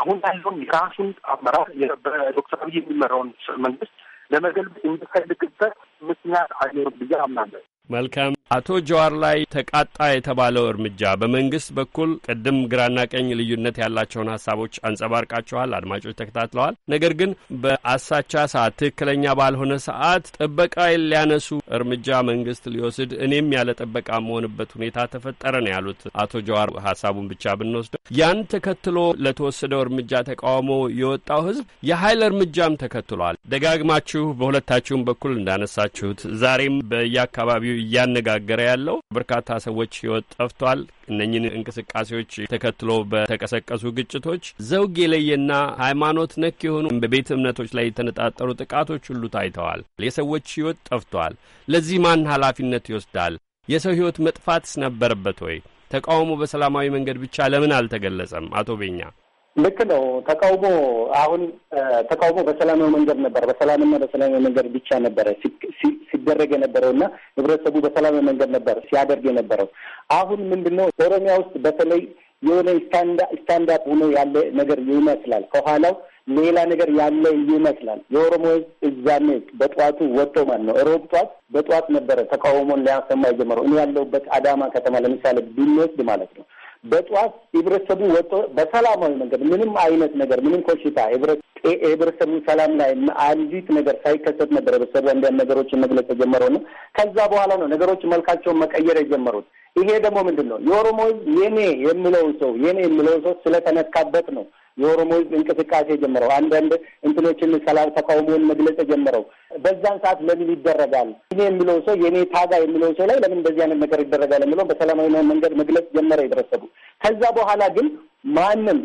አሁን ያለውን የራሱን አመራር በዶክተር አብይ የሚመራውን መንግስት ለመገልበጥ የሚፈልግበት ምክንያት አይኖርም ብዬ አምናለሁ። መልካም። አቶ ጀዋር ላይ ተቃጣ የተባለው እርምጃ በመንግስት በኩል ቅድም ግራና ቀኝ ልዩነት ያላቸውን ሀሳቦች አንጸባርቃችኋል፣ አድማጮች ተከታትለዋል። ነገር ግን በአሳቻ ሰዓት፣ ትክክለኛ ባልሆነ ሰዓት ጥበቃ ሊያነሱ እርምጃ መንግስት ሊወስድ እኔም ያለ ጥበቃ መሆንበት ሁኔታ ተፈጠረ ነው ያሉት አቶ ጀዋር። ሀሳቡን ብቻ ብንወስደው ያን ተከትሎ ለተወሰደው እርምጃ ተቃውሞ የወጣው ህዝብ የኃይል እርምጃም ተከትሏል። ደጋግማችሁ በሁለታችሁም በኩል እንዳነሳችሁት ዛሬም በየአካባቢው እያነጋገረ ያለው በርካታ ሰዎች ህይወት ጠፍቷል። እነኝን እንቅስቃሴዎች ተከትሎ በተቀሰቀሱ ግጭቶች ዘውግ የለየና ሃይማኖት ነክ የሆኑ በቤት እምነቶች ላይ የተነጣጠሩ ጥቃቶች ሁሉ ታይተዋል። የሰዎች ህይወት ጠፍቷል። ለዚህ ማን ኃላፊነት ይወስዳል? የሰው ህይወት መጥፋትስ ነበረበት ወይ? ተቃውሞ በሰላማዊ መንገድ ብቻ ለምን አልተገለጸም? አቶ ቤኛ ልክ ነው። ተቃውሞ አሁን ተቃውሞ በሰላማዊ መንገድ ነበር። በሰላምና በሰላማዊ መንገድ ብቻ ነበረ ሲደረግ የነበረው እና ህብረተሰቡ በሰላማዊ መንገድ ነበር ሲያደርግ የነበረው። አሁን ምንድነው ኦሮሚያ ውስጥ በተለይ የሆነ ስታንዳፕ ሆኖ ያለ ነገር ይመስላል። ከኋላው ሌላ ነገር ያለ ይመስላል። የኦሮሞ ህዝብ እዛኔ በጠዋቱ ወጥቶ ማለት ነው ሮብ ጠዋት በጠዋት ነበረ ተቃውሞን ሊያሰማ የጀመረው። እኔ ያለሁበት አዳማ ከተማ ለምሳሌ ብንወስድ ማለት ነው በጠዋት የህብረተሰቡ ወጥቶ በሰላማዊ መንገድ ምንም አይነት ነገር ምንም ኮሽታ የህብረተሰቡ ሰላም ላይ አንዲት ነገር ሳይከሰት ነበር ህብረተሰቡ አንዳንድ ነገሮችን መግለጽ የጀመረው ነው። ከዛ በኋላ ነው ነገሮች መልካቸውን መቀየር የጀመሩት። ይሄ ደግሞ ምንድን ነው የኦሮሞ ህዝብ የኔ የሚለው ሰው የኔ የሚለው ሰው ስለተነካበት ነው የኦሮሞ ህዝብ እንቅስቃሴ የጀመረው አንዳንድ እንትኖችን ሰላም ተቃውሞውን መግለጽ የጀመረው በዛን ሰዓት ለምን ይደረጋል? እኔ የሚለው ሰው የእኔ ታጋ የሚለው ሰው ላይ ለምን እንደዚህ አይነት ነገር ይደረጋል የሚለው በሰላማዊ መንገድ መግለጽ ጀመረ የደረሰቡ ከዛ በኋላ ግን ማንም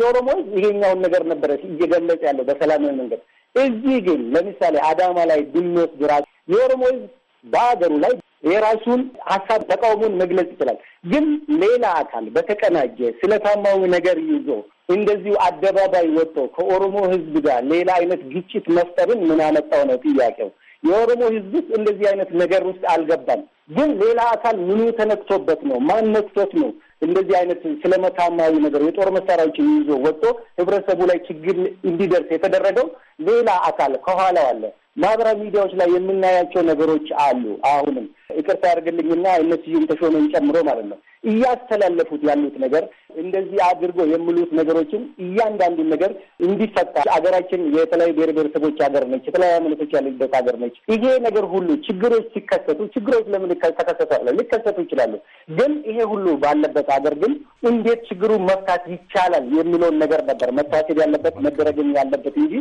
የኦሮሞ ህዝብ ይሄኛውን ነገር ነበረ እየገለጽ ያለው በሰላማዊ መንገድ። እዚህ ግን ለምሳሌ አዳማ ላይ ብንወስድ ራሱ የኦሮሞ ህዝብ በሀገሩ ላይ የራሱን ሀሳብ ተቃውሞን መግለጽ ይችላል። ግን ሌላ አካል በተቀናጀ ስለታማዊ ነገር ይዞ እንደዚሁ አደባባይ ወጥቶ ከኦሮሞ ህዝብ ጋር ሌላ አይነት ግጭት መፍጠርን ምን አመጣው ነው ጥያቄው። የኦሮሞ ህዝብ እንደዚህ አይነት ነገር ውስጥ አልገባም። ግን ሌላ አካል ምኑ ተነክቶበት ነው? ማን ነክቶት ነው? እንደዚህ አይነት ስለመታማዊ ነገር የጦር መሳሪያዎችን ይዞ ወጥቶ ህብረተሰቡ ላይ ችግር እንዲደርስ የተደረገው ሌላ አካል ከኋላው አለ። ማህበራዊ ሚዲያዎች ላይ የምናያቸው ነገሮች አሉ። አሁንም ይቅርታ ያድርግልኝና እነ ስዩም ተሾመን ጨምሮ ማለት ነው እያስተላለፉት ያሉት ነገር እንደዚህ አድርጎ የሚሉት ነገሮችን እያንዳንዱን ነገር እንዲፈታ አገራችን የተለያዩ ብሔር ብሔረሰቦች ሀገር ነች፣ የተለያዩ እምነቶች ያለበት ሀገር ነች። ይሄ ነገር ሁሉ ችግሮች ሲከሰቱ ችግሮች ለምን ተከሰቷለ ሊከሰቱ ይችላሉ። ግን ይሄ ሁሉ ባለበት ሀገር ግን እንዴት ችግሩ መፍታት ይቻላል የሚለውን ነገር ነበር መታሰብ ያለበት መደረግም ያለበት እንጂ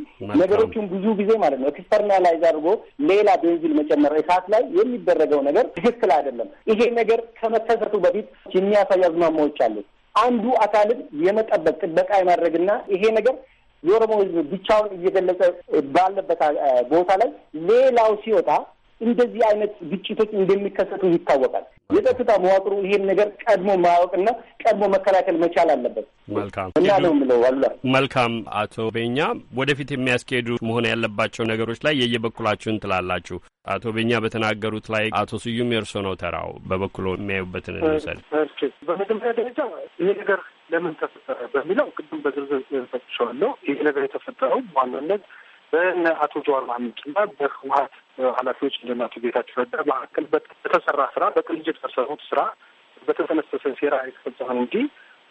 ነገሮችን ብዙ ጊዜ ማለት ነው ኤክስተርናላይዝ አድርጎ ሌላ ቤንዚን መጨመር እሳት ላይ የሚደረገው ነገር ነገር ትክክል አይደለም። ይሄ ነገር ከመከሰቱ በፊት የሚያሳይ አዝማማዎች አሉ። አንዱ አካልን የመጠበቅ ጥበቃ የማድረግና ይሄ ነገር የኦሮሞ ህዝብ ብቻውን እየገለጸ ባለበት ቦታ ላይ ሌላው ሲወጣ እንደዚህ አይነት ግጭቶች እንደሚከሰቱ ይታወቃል። የጸጥታ መዋቅሩ ይሄን ነገር ቀድሞ ማወቅና ቀድሞ መከላከል መቻል አለበት። መልካም እና ነው የምለው አሉላ። መልካም አቶ ቤኛ ወደፊት የሚያስኬዱ መሆን ያለባቸው ነገሮች ላይ የየበኩላችሁን ትላላችሁ። አቶ ቤኛ በተናገሩት ላይ አቶ ስዩም የእርሶ ነው ተራው በበኩሎ የሚያዩበትን እንውሰድ። በመጀመሪያ ደረጃ ይሄ ነገር ለምን ተፈጠረ በሚለው ቅድም በዝርዝር ፈትሸዋለሁ። ይሄ ነገር የተፈጠረው ዋናነት በእነ አቶ ጀዋር መሐመድና በህወሀት ኃላፊዎች እንደነ አቶ ጌታቸው ረዳ መካከል በተሰራ ስራ በቅንጅት በሰሩት ስራ በተጠነሰሰ ሴራ የተፈጸመ እንጂ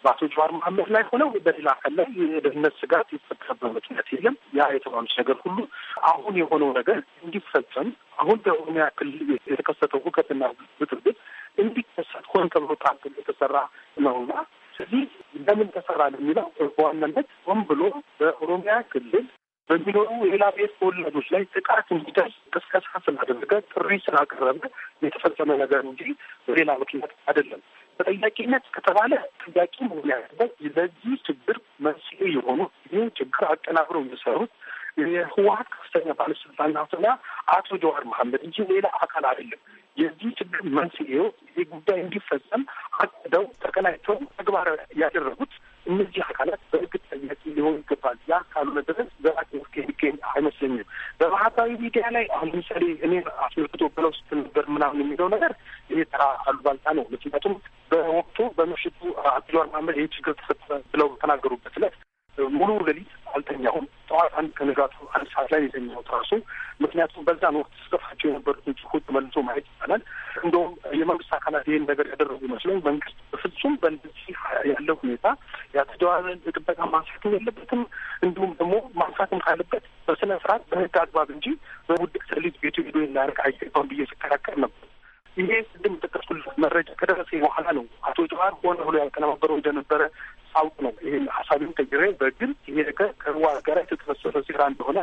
በአቶ ጀዋር መሐመድ ላይ ሆነው በሌላ አካል ላይ የደህንነት ስጋት የተፈጠረበት ምክንያት የለም። ያ የተባሉት ነገር ሁሉ አሁን የሆነው ነገር እንዲፈጸም አሁን በኦሮሚያ ክልል የተከሰተው ሁከትና ብጥብጥ እንዲከሰት ሆን ተብሎ ታቅዶ የተሰራ ነውና እዚህ ለምን ተሰራ የሚለው በዋናነት ሆን ብሎ በኦሮሚያ ክልል በሚኖሩ ሌላ ቤት ተወላጆች ላይ ጥቃት እንዲደርስ ቅስቀሳ ስላደረገ ጥሪ ስላቀረበ የተፈጸመ ነገር እንጂ በሌላ ምክንያት አይደለም። ተጠያቂነት ከተባለ ጥያቄ መሆን ያለበት ለዚህ ችግር መንስኤ የሆኑት ይህን ችግር አቀናብረው የሚሰሩት የህወሀት ከፍተኛ ባለስልጣናትና አቶ ጀዋር መሐመድ እንጂ ሌላ አካል አይደለም። የዚህ ችግር መንስኤው ይህ ጉዳይ እንዲፈጸም አቅደው ተቀናጅተው ተግባራዊ ያደረጉት እነዚህ አካላት በእርግጥ ሊሆን ይገባል። ያ ካልሆነ ድረስ ዘላቂ መፍትሄ ሊገኝ አይመስለኝም። በማህበራዊ ሚዲያ ላይ አሁን ለምሳሌ እኔ አስመልክቶ ብለው ስትነበር ምናምን የሚለው ነገር ይሄ ተራ አሉባልታ ነው። ምክንያቱም በወቅቱ በምሽቱ አቶ መሀመድ ይህ ችግር ተፈጠረ ብለው ተናገሩበት ዕለት ሙሉ ሌሊት አልተኛሁም። ጠዋት አንድ ከንጋቱ አንድ ሰዓት ላይ የተኛሁት ራሱ ምክንያቱም በዛን ወቅት ስጠፋቸው የነበሩትን ጽሁፎች መልሶ ማየት ይቻላል። እንደውም የመንግስት አካላት ይህን ነገር ያደረጉ ይመስለኝ። መንግስት በፍጹም በእንደዚህ ያለው ሁኔታ ያተደዋለን ጥበቃ ማንሳትም የለበትም። እንዲሁም ደግሞ ማንሳትም ካለበት በስነ ስርዓት በህግ አግባብ እንጂ በቡድቅ ሰሊት ቤቱ ሄዶ ላርቅ አይገባም ብዬ ስከራከር ነበር። ይሄ ቅድም የጠቀስኩት መረጃ ከደረሰ በኋላ ነው አቶ ጀዋር ሆነ ብሎ ያቀነባበረው እንደነበረ ሳውቅ ነው ይሄ ሀሳቢን ቀይሬ በግልጽ ይሄ ነገር ከህወሓት ጋር የተተመሰለ ሴራ እንደሆነ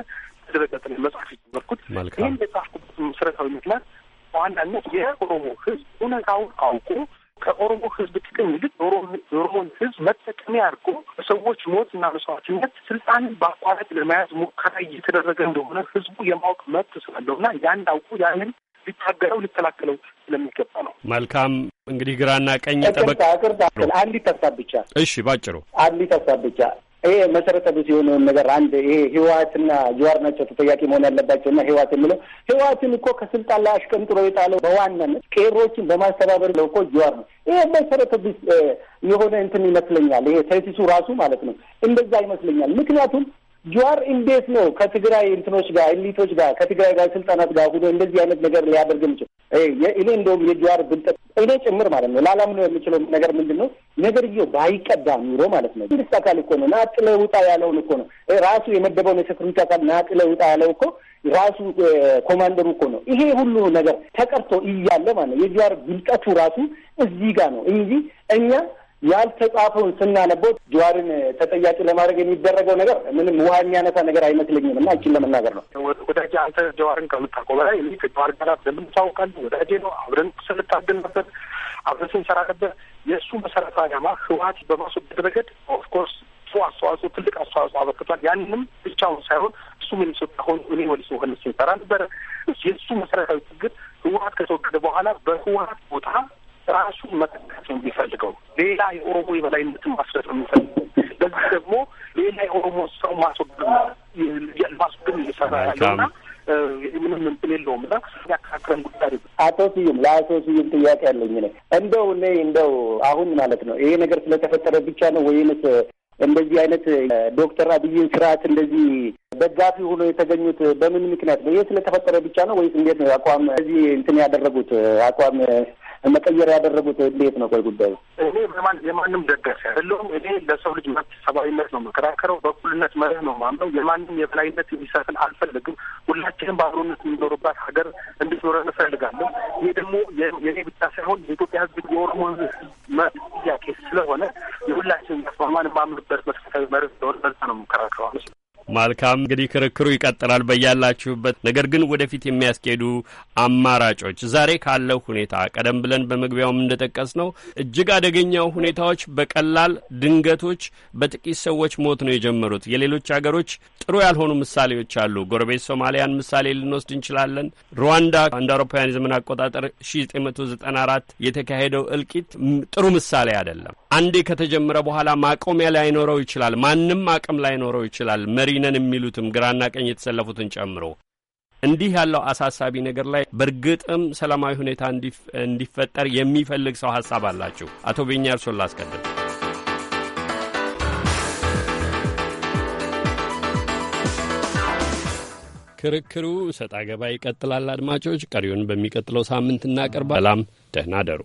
ተደረገጠ ነው መጽሐፍ የጀመርኩት። ይህን የጻፍኩበት መሰረታዊ ምክንያት በዋናነት የኦሮሞ ህዝብ እውነታውን አውቁ ከኦሮሞ ህዝብ ጥቅም ይልቅ የኦሮሞን ህዝብ መጠቀሚያ አድርጎ በሰዎች ሞት እና መስዋዕትነት ስልጣንን በአቋራጭ ለመያዝ ሙከራ እየተደረገ እንደሆነ ህዝቡ የማወቅ መብት እና ያን አውቁ ያንን ሊታገለው ሊከላከለው ነው። መልካም እንግዲህ ግራና ቀኝ ጠበቅ ቅርታ አንዲት ተሳብ ብቻ እሺ፣ ባጭሩ አንዲት ተሳብ ብቻ ይሄ መሰረተ ቢስ የሆነውን ነገር አንድ ይሄ ህወሓትና ጀዋር ናቸው ተጠያቂ መሆን ያለባቸው ያለባቸውና ህወሓት የሚለው ህወሓትን እኮ ከስልጣን ላይ አሽቀንጥሮ የጣለው በዋናነት ቄሮችን በማስተባበር ለው እኮ ጀዋር ነው። ይሄ መሰረተ ቢስ የሆነ እንትን ይመስለኛል። ይሄ ተሲሱ ራሱ ማለት ነው እንደዛ ይመስለኛል። ምክንያቱም ጀዋር እንዴት ነው ከትግራይ እንትኖች ጋር ኤሊቶች ጋር ከትግራይ ጋር ስልጣናት ጋር ሁኖ እንደዚህ አይነት ነገር ሊያደርግ ምችል እኔ እንደውም የጀዋር ብልጠት እኔ ጭምር ማለት ነው ላላምነው የምችለው ነገር ምንድን ነው? ነገርዬው ባይቀዳ ኑሮ ማለት ነው። መንግስት አካል እኮ ነው ናጥለ ውጣ ያለውን እኮ ነው ራሱ የመደበውን የሴኩሪቲ አካል ናጥለ ውጣ ያለው እኮ ራሱ ኮማንደሩ እኮ ነው። ይሄ ሁሉ ነገር ተቀርቶ እያለ ማለት ነው የጀዋር ብልጠቱ ራሱ እዚህ ጋር ነው እንጂ እኛ ያልተጻፈውን ስናነበው ጀዋርን ተጠያቂ ለማድረግ የሚደረገው ነገር ምንም ውሃ የሚያነሳ ነገር አይመስለኝም እና እችን ለመናገር ነው። ወዳጅ አንተ ጀዋርን ከምታውቀው በላይ እኔ ከጀዋር ጋር በደንብ ታውቃለህ። ወዳጄ ነው። አብረን ስንታገል ነበር፣ አብረን ስንሰራ ነበር። የእሱ መሰረታዊ ዓላማ ህወሓት በማስወገድ ረገድ ኦፍኮርስ እሱ አስተዋጽኦ፣ ትልቅ አስተዋጽኦ አበርክቷል። ያንንም ብቻውን ሳይሆን እሱ ሚኒሶታ ሆኖ እኔ ወዲህ ዮሐንስ ስንሰራ ነበረ። የእሱ መሰረታዊ ችግር ህወሓት ከተወገደ በኋላ በህወሓት ቦታ ራሱ መጠቃት ነው የሚፈልገው ሌላ የኦሮሞ የበላይነትን ማስረት ነው የሚፈልገው። ለዚህ ደግሞ ሌላ የኦሮሞ ሰው ማስወገድ እየሰራ ያለውና አቶ ስዩም ለአቶ ስዩም ጥያቄ ያለኝ ነ እንደው እኔ እንደው አሁን ማለት ነው ይሄ ነገር ስለተፈጠረ ብቻ ነው ወይንስ እንደዚህ አይነት ዶክተር አብይን ስርዓት እንደዚህ ደጋፊ ሆኖ የተገኙት በምን ምክንያት ነው? ይሄ ስለተፈጠረ ብቻ ነው ወይስ እንዴት ነው አቋም እዚህ እንትን ያደረጉት አቋም መቀየር ያደረጉት እንዴት ነው? ቆይ ጉዳዩ እኔ የማንም ደገፍ ያለሁም እኔ ለሰው ልጅ መብት ሰብአዊነት ነው መከራከረው በኩልነት መርህ ነው ማምነው። የማንም የበላይነት የሚሰፍን አልፈልግም። ሁላችንም በአብሮነት የሚኖሩባት ሀገር እንድትኖረ እፈልጋለሁ። ይህ ደግሞ የእኔ ብቻ ሳይሆን የኢትዮጵያ ሕዝብ የኦሮሞ መብት ጥያቄ ስለሆነ የሁላችን መስማማን የማምንበት መሰረታዊ መርህ ስለሆነ በዛ ነው የምከራከረው። መልካም እንግዲህ ክርክሩ ይቀጥላል በያላችሁበት። ነገር ግን ወደፊት የሚያስኬዱ አማራጮች ዛሬ ካለው ሁኔታ ቀደም ብለን በመግቢያውም እንደጠቀስ ነው እጅግ አደገኛው ሁኔታዎች በቀላል ድንገቶች በጥቂት ሰዎች ሞት ነው የጀመሩት። የሌሎች አገሮች ጥሩ ያልሆኑ ምሳሌዎች አሉ። ጎረቤት ሶማሊያን ምሳሌ ልንወስድ እንችላለን። ሩዋንዳ እንደ አውሮፓውያን የዘመን አቆጣጠር 1994 የተካሄደው እልቂት ጥሩ ምሳሌ አይደለም። አንዴ ከተጀመረ በኋላ ማቆሚያ ላይኖረው ይችላል። ማንም አቅም ላይኖረው ይችላል። መሪነን የሚሉትም ግራና ቀኝ የተሰለፉትን ጨምሮ እንዲህ ያለው አሳሳቢ ነገር ላይ በእርግጥም ሰላማዊ ሁኔታ እንዲፈጠር የሚፈልግ ሰው ሀሳብ አላችሁ። አቶ ቤኛ እርሶን ላስቀድም። ክርክሩ ሰጣ ገባ ይቀጥላል። አድማጮች ቀሪውን በሚቀጥለው ሳምንት እናቀርባ ሰላም፣ ደህና ደሩ።